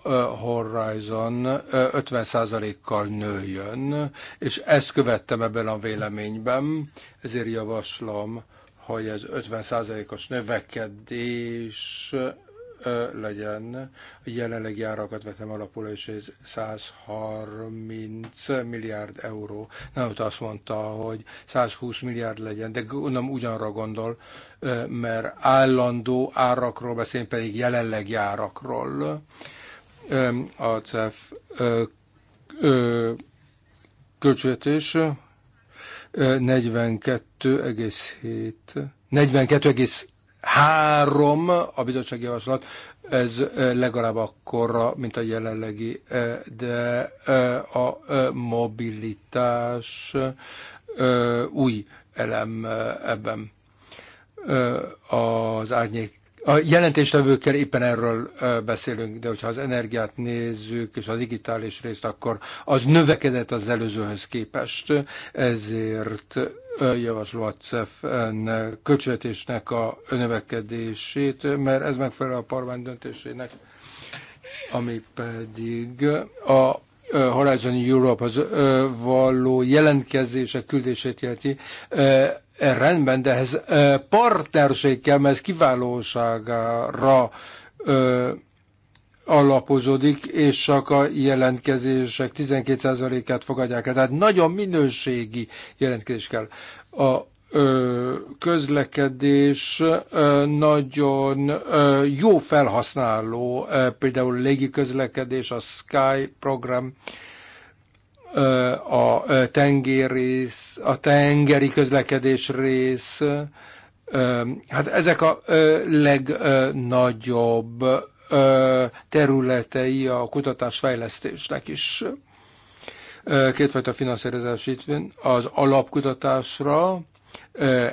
Horizon 50%-kal nőjön, és ezt követtem ebben a véleményben, ezért javaslom, hogy ez 50%-os növekedés legyen. A jelenlegi árakat vetem alapul, és ez 130 milliárd euró. Nem azt mondta, hogy 120 milliárd legyen, de gondolom ugyanarra gondol, mert állandó árakról beszélünk, pedig jelenlegi árakról. A CEF költségvetés 42,7 42,7 három a bizottsági javaslat, ez legalább akkora, mint a jelenlegi, de a mobilitás új elem ebben az árnyék a jelentéstevőkkel éppen erről beszélünk, de hogyha az energiát nézzük, és a digitális részt, akkor az növekedett az előzőhöz képest, ezért javaslom CEF-nek, költségvetésnek a növekedését, mert ez megfelel a parlament döntésének, ami pedig a Horizon Europe-hoz való jelentkezések küldését jelenti. E rendben, de ez partnerség kell, mert ez kiválóságára alapozódik, és csak a jelentkezések 12%-át fogadják el. Tehát nagyon minőségi jelentkezés kell. A közlekedés nagyon jó felhasználó, például légi közlekedés, a Sky program, a tengerész, a tengeri közlekedés rész, hát ezek a legnagyobb területei a kutatásfejlesztésnek is. Kétfajta finanszírozás itt van, az alapkutatásra,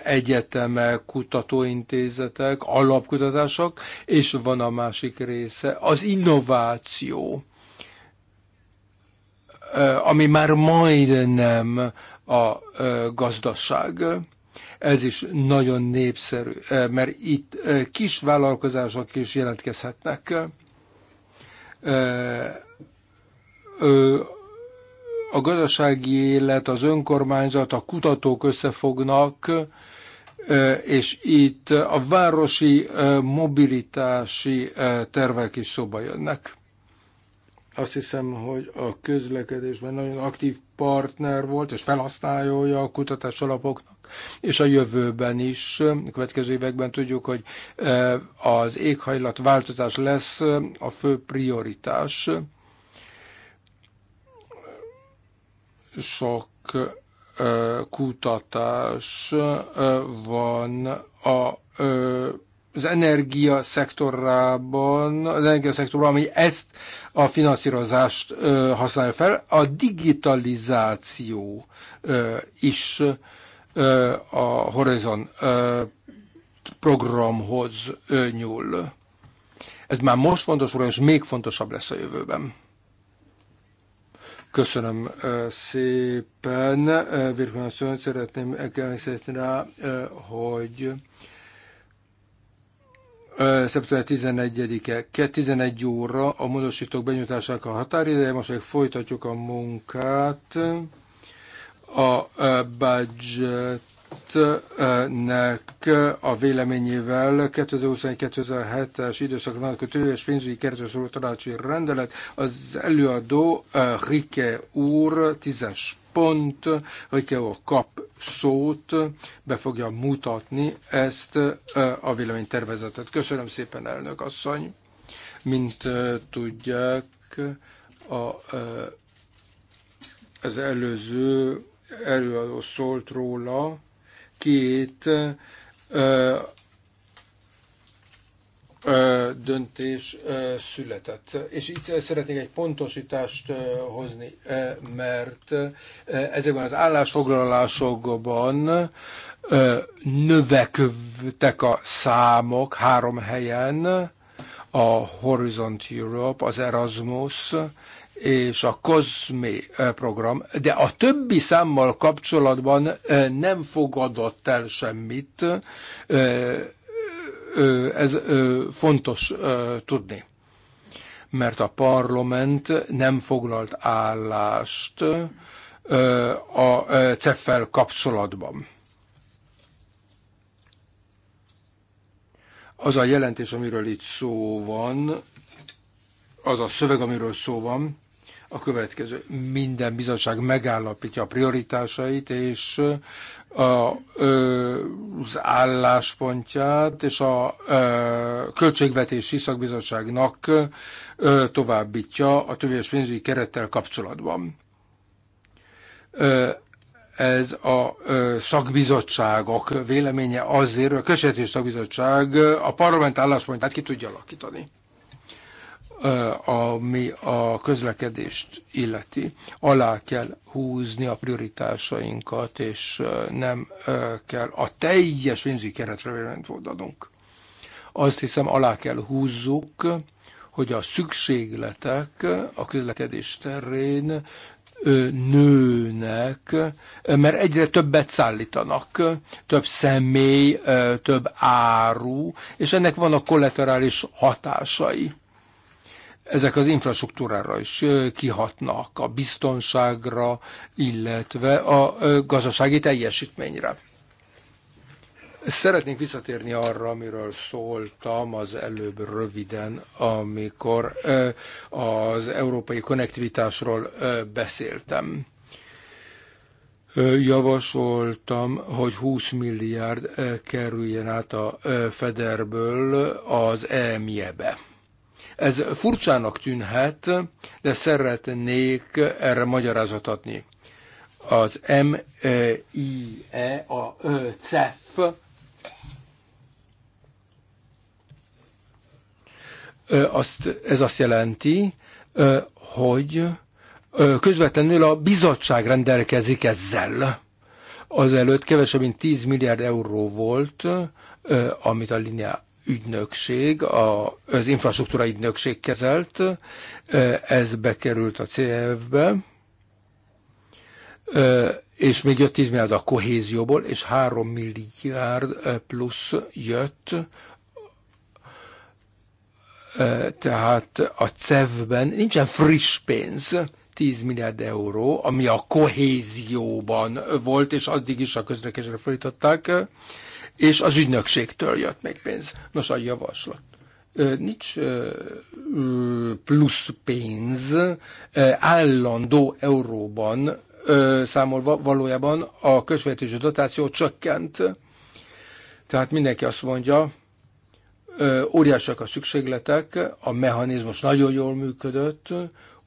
egyetemek, kutatóintézetek, alapkutatások, és van a másik része, az innováció, ami már majdnem a gazdaság. Ez is nagyon népszerű, eh, mert itt eh, kis vállalkozások is jelentkezhetnek. Eh, a gazdasági élet, az önkormányzat, a kutatók összefognak, és itt a városi mobilitási tervek is szóba jönnek. Azt hiszem, hogy a közlekedésben nagyon aktív partner volt, és felhasználója a kutatás alapoknak, és a jövőben is, a következő években tudjuk, hogy eh, az éghajlat változás lesz eh, a fő prioritás. Sok eh, kutatás van a az energia szektorában, az energia szektorban, ami ezt a finanszírozást ö, használja fel, a digitalizáció ö, is ö, a Horizon ö, programhoz ö, nyúl. Ez már most fontos volt, és még fontosabb lesz a jövőben. Köszönöm szépen. Virgulán szeretném elkezdeni rá, hogy szeptember 11-e, 11 óra a módosítók benyújtásának a határideje, most meg folytatjuk a munkát. A budgetnek a véleményével 2021-2007-es időszakra vonatkozó és pénzügyi keretről szóló tanácsi rendelet, az előadó Rike úr 10 pont, hogyha a kap szót be fogja mutatni ezt a véleménytervezetet. Köszönöm szépen, elnök asszony! Mint tudják, a, az előző előadó szólt róla, két döntés született. És itt szeretnék egy pontosítást hozni, mert ezekben az állásfoglalásokban növekvtek a számok három helyen, a Horizont Europe, az Erasmus és a COSME program, de a többi számmal kapcsolatban nem fogadott el semmit, ez fontos tudni, mert a parlament nem foglalt állást a cef kapcsolatban. Az a jelentés, amiről itt szó van, az a szöveg, amiről szó van, a következő. Minden bizottság megállapítja a prioritásait, és a, ö, az álláspontját és a ö, költségvetési szakbizottságnak ö, továbbítja a tövés pénzügyi kerettel kapcsolatban. Ö, ez a ö, szakbizottságok véleménye azért, hogy a közvetési szakbizottság a parlament álláspontját ki tudja alakítani ami a közlekedést illeti, alá kell húzni a prioritásainkat, és nem kell a teljes pénzügyi keretre véleményt adunk. Azt hiszem, alá kell húzzuk, hogy a szükségletek a közlekedés terén nőnek, mert egyre többet szállítanak, több személy, több áru, és ennek vannak kollaterális hatásai ezek az infrastruktúrára is kihatnak, a biztonságra, illetve a gazdasági teljesítményre. Szeretnék visszatérni arra, amiről szóltam az előbb röviden, amikor az európai konnektivitásról beszéltem. Javasoltam, hogy 20 milliárd kerüljen át a Federből az EMIE-be ez furcsának tűnhet, de szeretnék erre magyarázat adni. Az M e I E a CEF azt, ez azt jelenti, hogy közvetlenül a bizottság rendelkezik ezzel. Azelőtt kevesebb, mint 10 milliárd euró volt, amit a lineá ügynökség, a, az infrastruktúra ügynökség kezelt, ez bekerült a CEF-be, és még jött 10 milliárd a kohézióból, és 3 milliárd plusz jött, tehát a CEF-ben nincsen friss pénz, 10 milliárd euró, ami a kohézióban volt, és addig is a közlekedésre fordították, és az ügynökségtől jött még pénz. Nos, a javaslat. Nincs plusz pénz állandó euróban számolva valójában a közvetési dotáció csökkent. Tehát mindenki azt mondja, óriásak a szükségletek, a mechanizmus nagyon jól működött,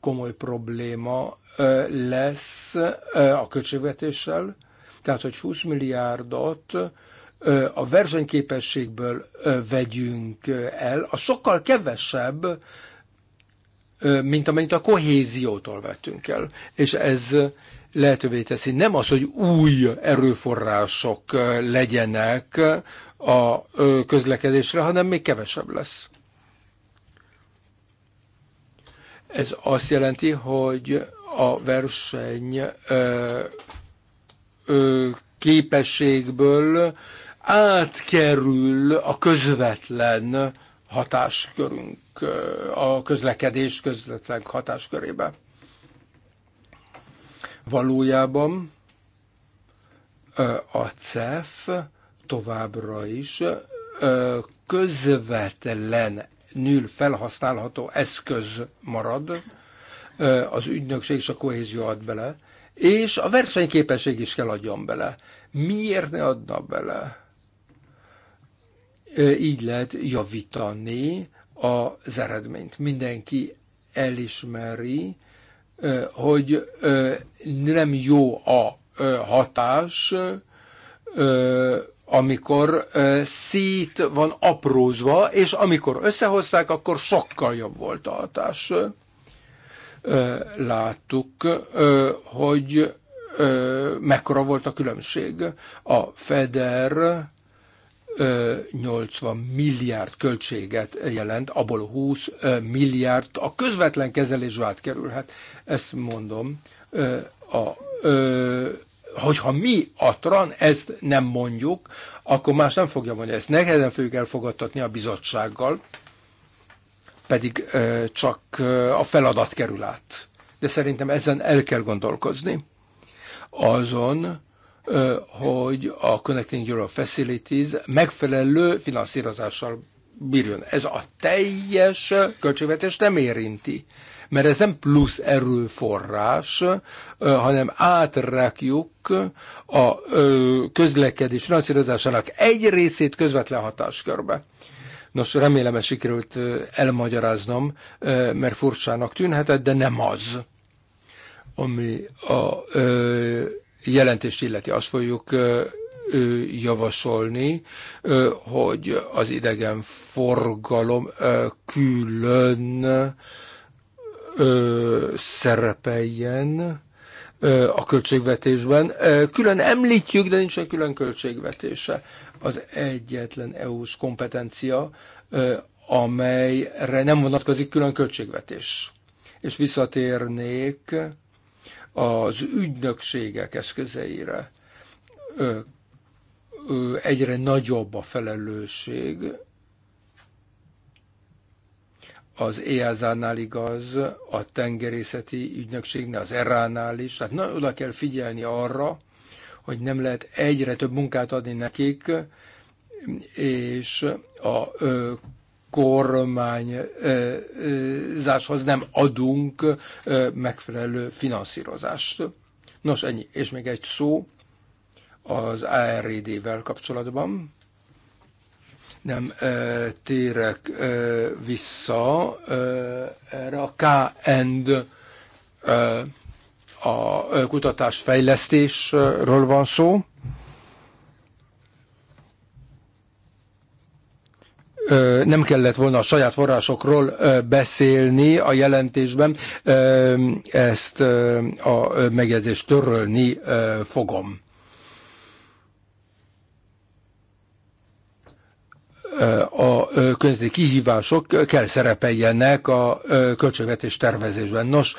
komoly probléma lesz a költségvetéssel, tehát hogy 20 milliárdot a versenyképességből vegyünk el, az sokkal kevesebb, mint amennyit a kohéziótól vettünk el. És ez lehetővé teszi nem az, hogy új erőforrások legyenek a közlekedésre, hanem még kevesebb lesz. Ez azt jelenti, hogy a verseny képességből átkerül a közvetlen hatáskörünk, a közlekedés közvetlen hatáskörébe. Valójában a CEF továbbra is közvetlenül felhasználható eszköz marad, az ügynökség és a kohézió ad bele, és a versenyképesség is kell adjon bele. Miért ne adna bele? Így lehet javítani az eredményt. Mindenki elismeri, hogy nem jó a hatás, amikor szét van aprózva, és amikor összehozták, akkor sokkal jobb volt a hatás. Láttuk, hogy mekkora volt a különbség. A FEDER 80 milliárd költséget jelent, abból 20 milliárd a közvetlen kezelésbe kerülhet. Ezt mondom, a, hogyha mi a TRAN ezt nem mondjuk, akkor más nem fogja mondani. Ezt nehezen fogjuk elfogadtatni a bizottsággal, pedig csak a feladat kerül át. De szerintem ezen el kell gondolkozni. Azon, hogy a Connecting Europe Facilities megfelelő finanszírozással bírjon. Ez a teljes költségvetés nem érinti, mert ez nem plusz erőforrás, hanem átrakjuk a közlekedés finanszírozásának egy részét közvetlen hatáskörbe. Nos, remélem, ezt sikerült elmagyaráznom, mert furcsának tűnhetett, de nem az, ami a jelentést illeti, azt fogjuk javasolni, hogy az idegen forgalom külön szerepeljen a költségvetésben. Külön említjük, de nincsen külön költségvetése. Az egyetlen EU-s kompetencia, amelyre nem vonatkozik külön költségvetés. És visszatérnék az ügynökségek eszközeire egyre nagyobb a felelősség. Az EASA-nál igaz, a tengerészeti ügynökségnél, az ERA-nál is. Tehát na, oda kell figyelni arra, hogy nem lehet egyre több munkát adni nekik, és a kormányzáshoz nem adunk megfelelő finanszírozást. Nos, ennyi. És még egy szó az ARD-vel kapcsolatban. Nem e, térek e, vissza e, erre a K-end e, a kutatásfejlesztésről van szó nem kellett volna a saját forrásokról beszélni a jelentésben, ezt a megjegyzést törölni fogom. a közli kihívások kell szerepeljenek a költségvetés tervezésben. Nos,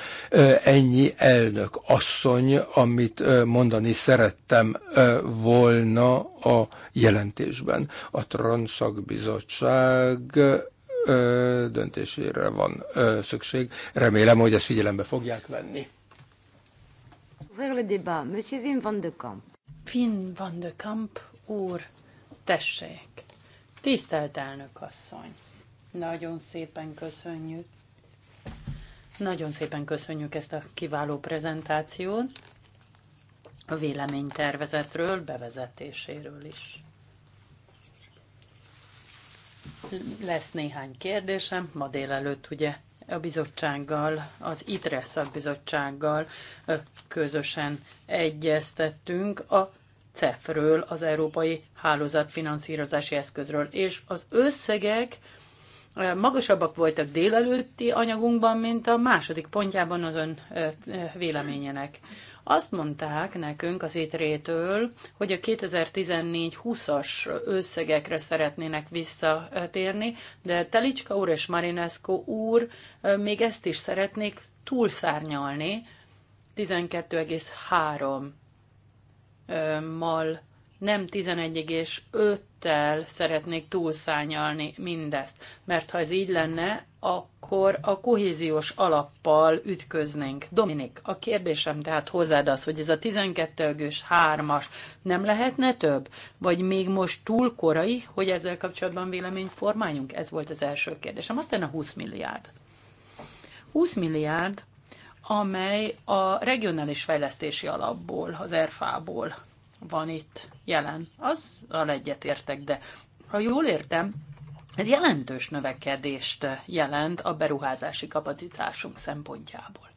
ennyi elnök asszony, amit mondani szerettem volna a jelentésben. A Transzakbizottság döntésére van szükség. Remélem, hogy ezt figyelembe fogják venni. Finn van de Kamp úr, tessék. Tisztelt elnök asszony! Nagyon szépen köszönjük. Nagyon szépen köszönjük ezt a kiváló prezentációt a véleménytervezetről, bevezetéséről is. Lesz néhány kérdésem, ma délelőtt ugye a bizottsággal, az ITRE szakbizottsággal közösen egyeztettünk a CEF-ről, az Európai Hálózat finanszírozási eszközről, és az összegek magasabbak voltak délelőtti anyagunkban, mint a második pontjában az ön véleményének. Azt mondták nekünk az étrétől, hogy a 2014-20-as összegekre szeretnének visszatérni, de Telicska úr és Marinescu úr még ezt is szeretnék túlszárnyalni 12,3 mal nem 11,5-tel szeretnék túlszányalni mindezt, mert ha ez így lenne, akkor a kohéziós alappal ütköznénk. Dominik, a kérdésem tehát hozzád az, hogy ez a 3 as nem lehetne több? Vagy még most túl korai, hogy ezzel kapcsolatban véleményt formáljunk? Ez volt az első kérdésem. Aztán a 20 milliárd. 20 milliárd amely a regionális fejlesztési alapból, az ERFA-ból van itt jelen. Az Azzal egyetértek, de ha jól értem, ez jelentős növekedést jelent a beruházási kapacitásunk szempontjából.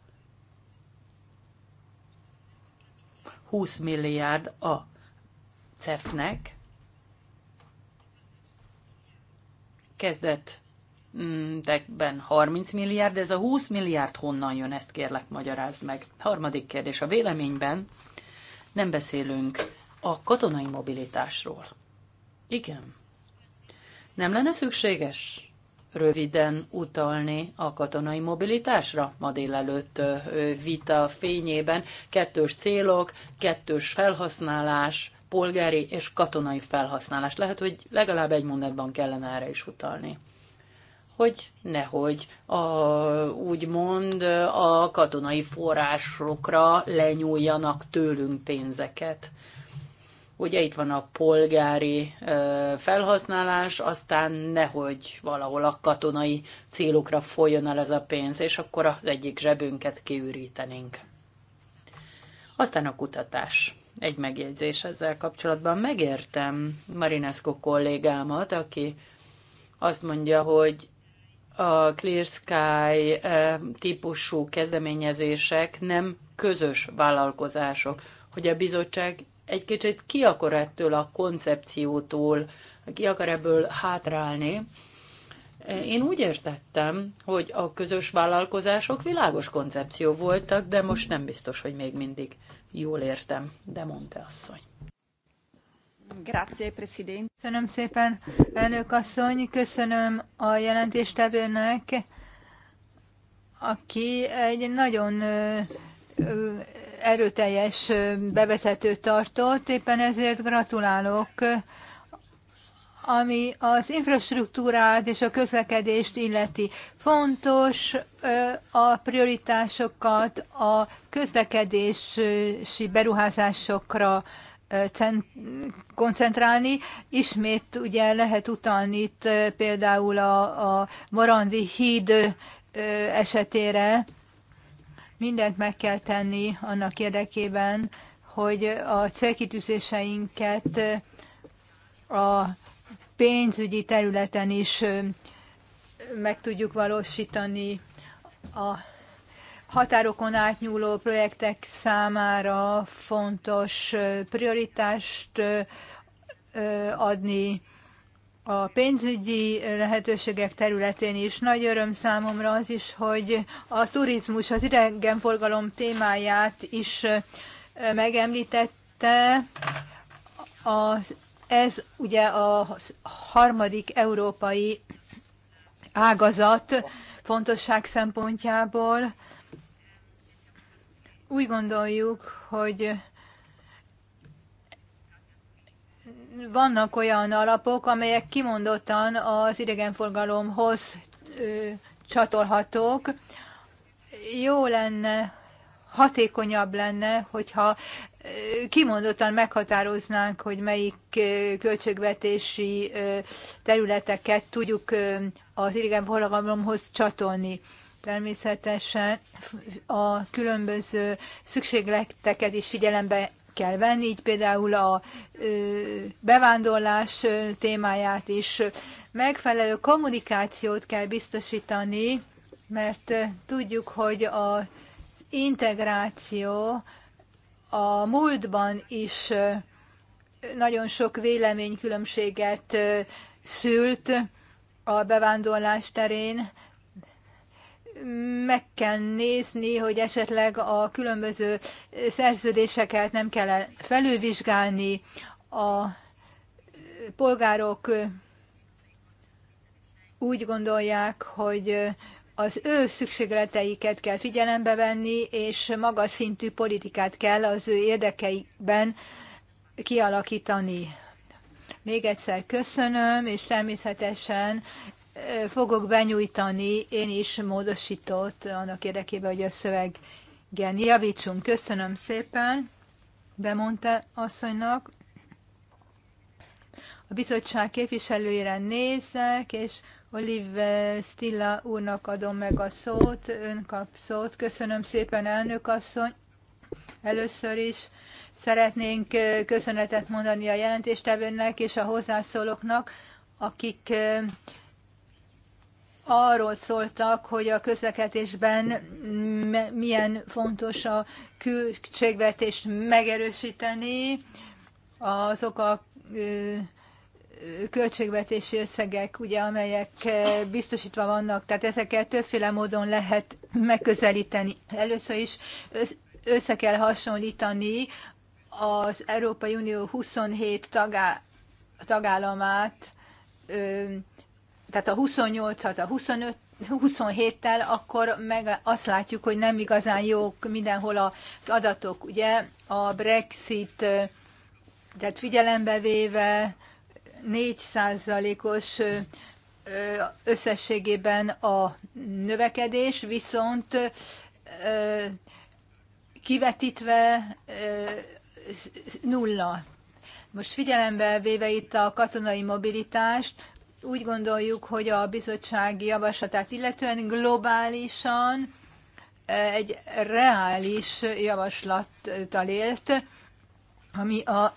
20 milliárd a CEF-nek kezdett tekben 30 milliárd, de ez a 20 milliárd honnan jön, ezt kérlek magyarázd meg. Harmadik kérdés, a véleményben nem beszélünk a katonai mobilitásról. Igen. Nem lenne szükséges röviden utalni a katonai mobilitásra ma délelőtt vita fényében. Kettős célok, kettős felhasználás, polgári és katonai felhasználás. Lehet, hogy legalább egy mondatban kellene erre is utalni hogy nehogy a, úgymond a katonai forrásokra lenyúljanak tőlünk pénzeket. Ugye itt van a polgári felhasználás, aztán nehogy valahol a katonai célokra folyjon el ez a pénz, és akkor az egyik zsebünket kiürítenénk. Aztán a kutatás. Egy megjegyzés ezzel kapcsolatban. Megértem Marinesco kollégámat, aki azt mondja, hogy a Clear Sky e, típusú kezdeményezések nem közös vállalkozások, hogy a bizottság egy kicsit ki akar ettől a koncepciótól, ki akar ebből hátrálni. E, én úgy értettem, hogy a közös vállalkozások világos koncepció voltak, de most nem biztos, hogy még mindig jól értem, de mondta asszony. Köszönöm szépen, elnök asszony, köszönöm a jelentéstevőnek, aki egy nagyon erőteljes bevezetőt tartott, éppen ezért gratulálok ami az infrastruktúrát és a közlekedést illeti. Fontos a prioritásokat a közlekedési beruházásokra koncentrálni. Ismét ugye lehet utalni itt például a, a Morandi híd esetére. Mindent meg kell tenni annak érdekében, hogy a célkitűzéseinket a pénzügyi területen is meg tudjuk valósítani a határokon átnyúló projektek számára fontos prioritást adni a pénzügyi lehetőségek területén is. Nagy öröm számomra az is, hogy a turizmus, az idegenforgalom témáját is megemlítette. A, ez ugye a harmadik európai ágazat fontosság szempontjából úgy gondoljuk, hogy vannak olyan alapok, amelyek kimondottan az idegenforgalomhoz csatolhatók. Jó lenne, hatékonyabb lenne, hogyha kimondottan meghatároznánk, hogy melyik költségvetési területeket tudjuk az idegenforgalomhoz csatolni. Természetesen a különböző szükségleteket is figyelembe kell venni, így például a bevándorlás témáját is. Megfelelő kommunikációt kell biztosítani, mert tudjuk, hogy az integráció a múltban is nagyon sok véleménykülönbséget szült a bevándorlás terén, meg kell nézni, hogy esetleg a különböző szerződéseket nem kell felülvizsgálni, a polgárok úgy gondolják, hogy az ő szükségleteiket kell figyelembe venni, és magas szintű politikát kell az ő érdekeikben kialakítani. Még egyszer köszönöm, és természetesen fogok benyújtani én is módosított annak érdekében, hogy a igen, javítsunk. Köszönöm szépen, bemondta asszonynak. A bizottság képviselőjére nézek, és Olive Stilla úrnak adom meg a szót, ön kap szót. Köszönöm szépen, elnök asszony. Először is szeretnénk köszönetet mondani a jelentéstevőnek és a hozzászólóknak, akik arról szóltak, hogy a közlekedésben milyen fontos a költségvetést megerősíteni, azok a költségvetési összegek, ugye, amelyek biztosítva vannak, tehát ezeket többféle módon lehet megközelíteni. Először is össze kell hasonlítani az Európai Unió 27 tagá- tagállamát, tehát a 28-at, a 25 27-tel, akkor meg azt látjuk, hogy nem igazán jók mindenhol az adatok. Ugye a Brexit, tehát figyelembe véve 4%-os összességében a növekedés, viszont kivetítve nulla. Most figyelembe véve itt a katonai mobilitást, úgy gondoljuk, hogy a bizottsági javaslatát illetően globálisan eh, egy reális javaslattal élt, ami a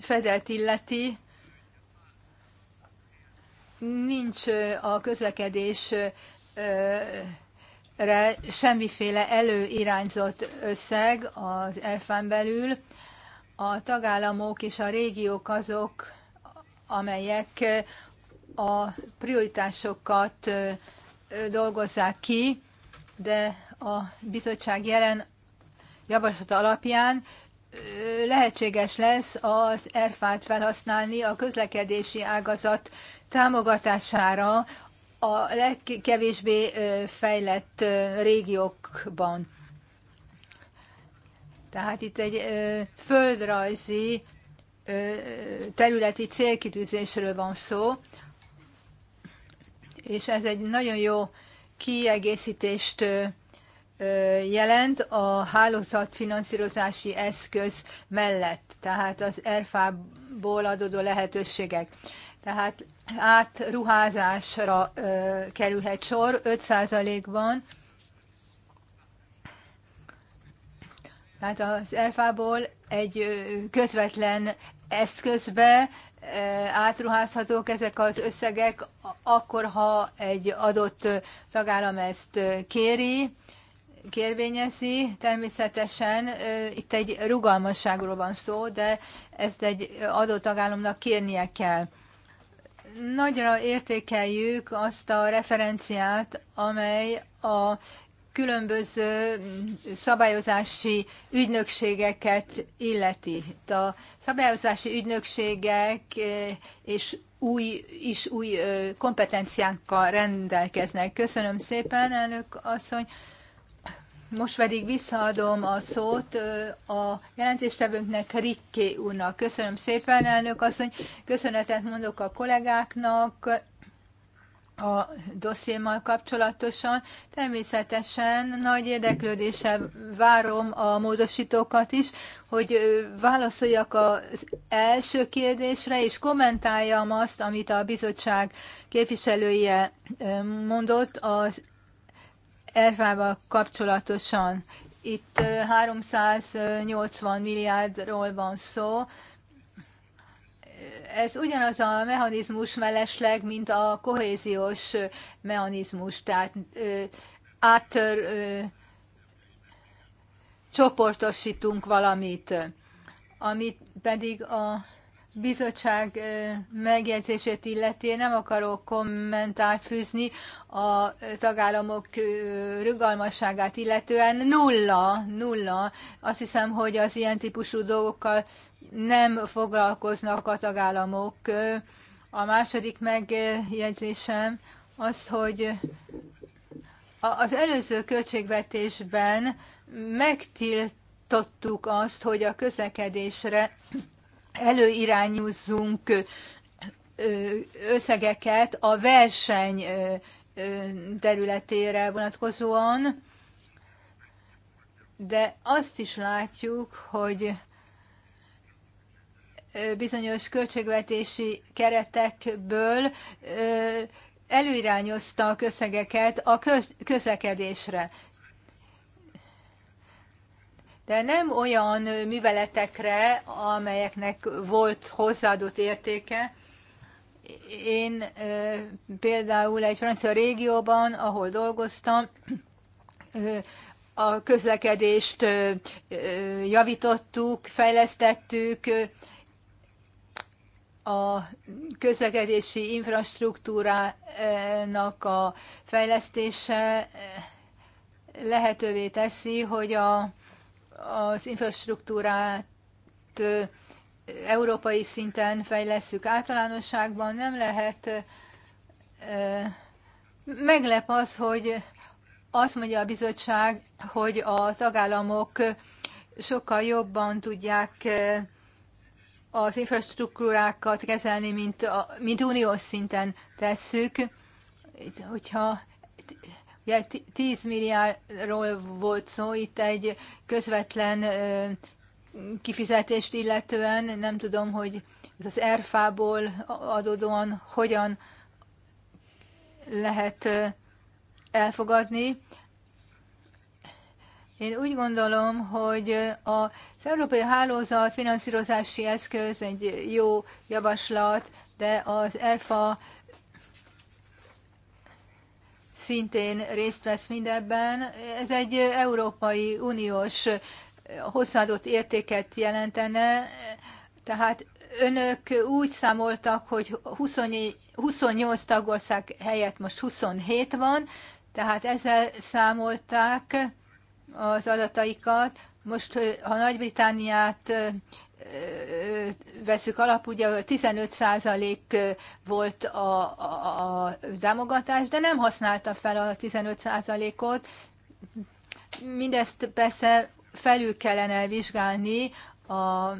fedelt illeti, nincs eh, a közlekedésre eh, semmiféle előirányzott összeg az elfán belül. A tagállamok és a régiók azok, amelyek a prioritásokat dolgozzák ki, de a bizottság jelen javaslata alapján lehetséges lesz az erfát felhasználni a közlekedési ágazat támogatására a legkevésbé fejlett régiókban. Tehát itt egy földrajzi területi célkitűzésről van szó, és ez egy nagyon jó kiegészítést jelent a hálózat finanszírozási eszköz mellett, tehát az ERFA-ból adódó lehetőségek. Tehát átruházásra ö, kerülhet sor 5%-ban. Tehát az ERFA-ból egy közvetlen eszközbe Eh, átruházhatók ezek az összegek, akkor ha egy adott tagállam ezt eh, kéri, kérvényezi, természetesen eh, itt egy rugalmasságról van szó, de ezt egy adott tagállamnak kérnie kell. Nagyra értékeljük azt a referenciát, amely a különböző szabályozási ügynökségeket illeti. A szabályozási ügynökségek eh, és új, is új eh, kompetenciánkkal rendelkeznek. Köszönöm szépen, elnök asszony. Most pedig visszaadom a szót eh, a jelentéstevőnknek, Rikké úrnak. Köszönöm szépen, elnök asszony. Köszönetet mondok a kollégáknak, a dossziémmal kapcsolatosan. Természetesen nagy érdeklődéssel várom a módosítókat is, hogy válaszoljak az első kérdésre, és kommentáljam azt, amit a bizottság képviselője mondott az Erfával kapcsolatosan. Itt 380 milliárdról van szó, ez ugyanaz a mechanizmus mellesleg, mint a kohéziós mechanizmus, tehát át csoportosítunk valamit, amit pedig a bizottság megjegyzését illeti, nem akarok kommentárt fűzni a tagállamok rugalmasságát illetően. Nulla, nulla. Azt hiszem, hogy az ilyen típusú dolgokkal nem foglalkoznak a tagállamok. A második megjegyzésem az, hogy az előző költségvetésben megtiltottuk azt, hogy a közlekedésre előirányúzzunk összegeket a verseny területére vonatkozóan, de azt is látjuk, hogy bizonyos költségvetési keretekből előirányozta a közegeket a közlekedésre. De nem olyan műveletekre, amelyeknek volt hozzáadott értéke. Én például egy francia régióban, ahol dolgoztam, a közlekedést javítottuk, fejlesztettük, a közlekedési infrastruktúrának a fejlesztése eh, lehetővé teszi, hogy a, az infrastruktúrát eh, európai szinten fejlesszük általánosságban, nem lehet eh, meglep az, hogy azt mondja a bizottság, hogy a tagállamok sokkal jobban tudják az infrastruktúrákat kezelni, mint, a, mint uniós szinten tesszük. Hogyha ugye 10 milliárdról volt szó, itt egy közvetlen kifizetést illetően, nem tudom, hogy az ERFA-ból adódóan hogyan lehet elfogadni. Én úgy gondolom, hogy a az Európai Hálózat finanszírozási eszköz egy jó javaslat, de az ELFA szintén részt vesz mindebben. Ez egy Európai Uniós hozzáadott értéket jelentene, tehát önök úgy számoltak, hogy 28 tagország helyett most 27 van, tehát ezzel számolták az adataikat. Most, ha Nagy-Britániát veszük alap, ugye 15% volt a, a, a támogatás, de nem használta fel a 15 százalékot. Mindezt persze felül kellene vizsgálni a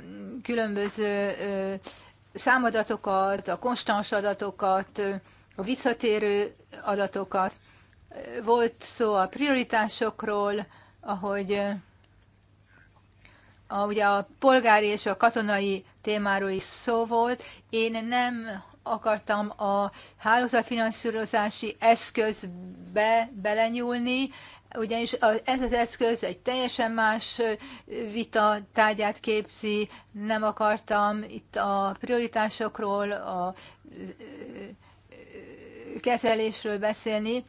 különböző számadatokat, a konstans adatokat, a visszatérő adatokat. Volt szó a prioritásokról, ahogy a, ugye a polgári és a katonai témáról is szó volt. Én nem akartam a hálózatfinanszírozási eszközbe belenyúlni, ugyanis ez az eszköz egy teljesen más vita tárgyát képzi, nem akartam itt a prioritásokról, a kezelésről beszélni.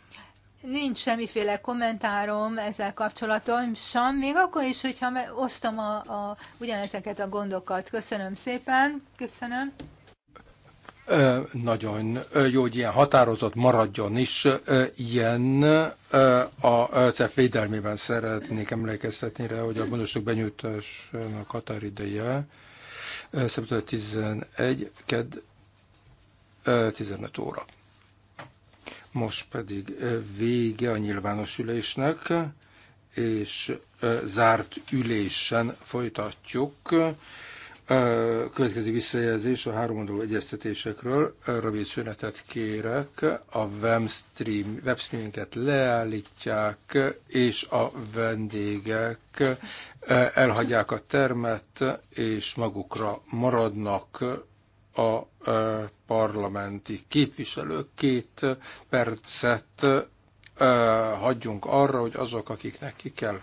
Nincs semmiféle kommentárom ezzel sem, még akkor is, hogyha osztom a, a, ugyanezeket a gondokat. Köszönöm szépen, köszönöm. Ö, nagyon jó, hogy ilyen határozott maradjon is. Ö, ilyen ö, a CEF védelmében szeretnék emlékeztetni rá, hogy a gondosok benyújtásának határideje szeptember 11, ked 15 óra. Most pedig vége a nyilvános ülésnek, és zárt ülésen folytatjuk. Következő visszajelzés a háromoldalú egyeztetésekről. Rövid szünetet kérek, a webstream, webstreaminket leállítják, és a vendégek elhagyják a termet, és magukra maradnak a e, parlamenti képviselők két e, percet e, hagyjunk arra, hogy azok, akiknek ki kell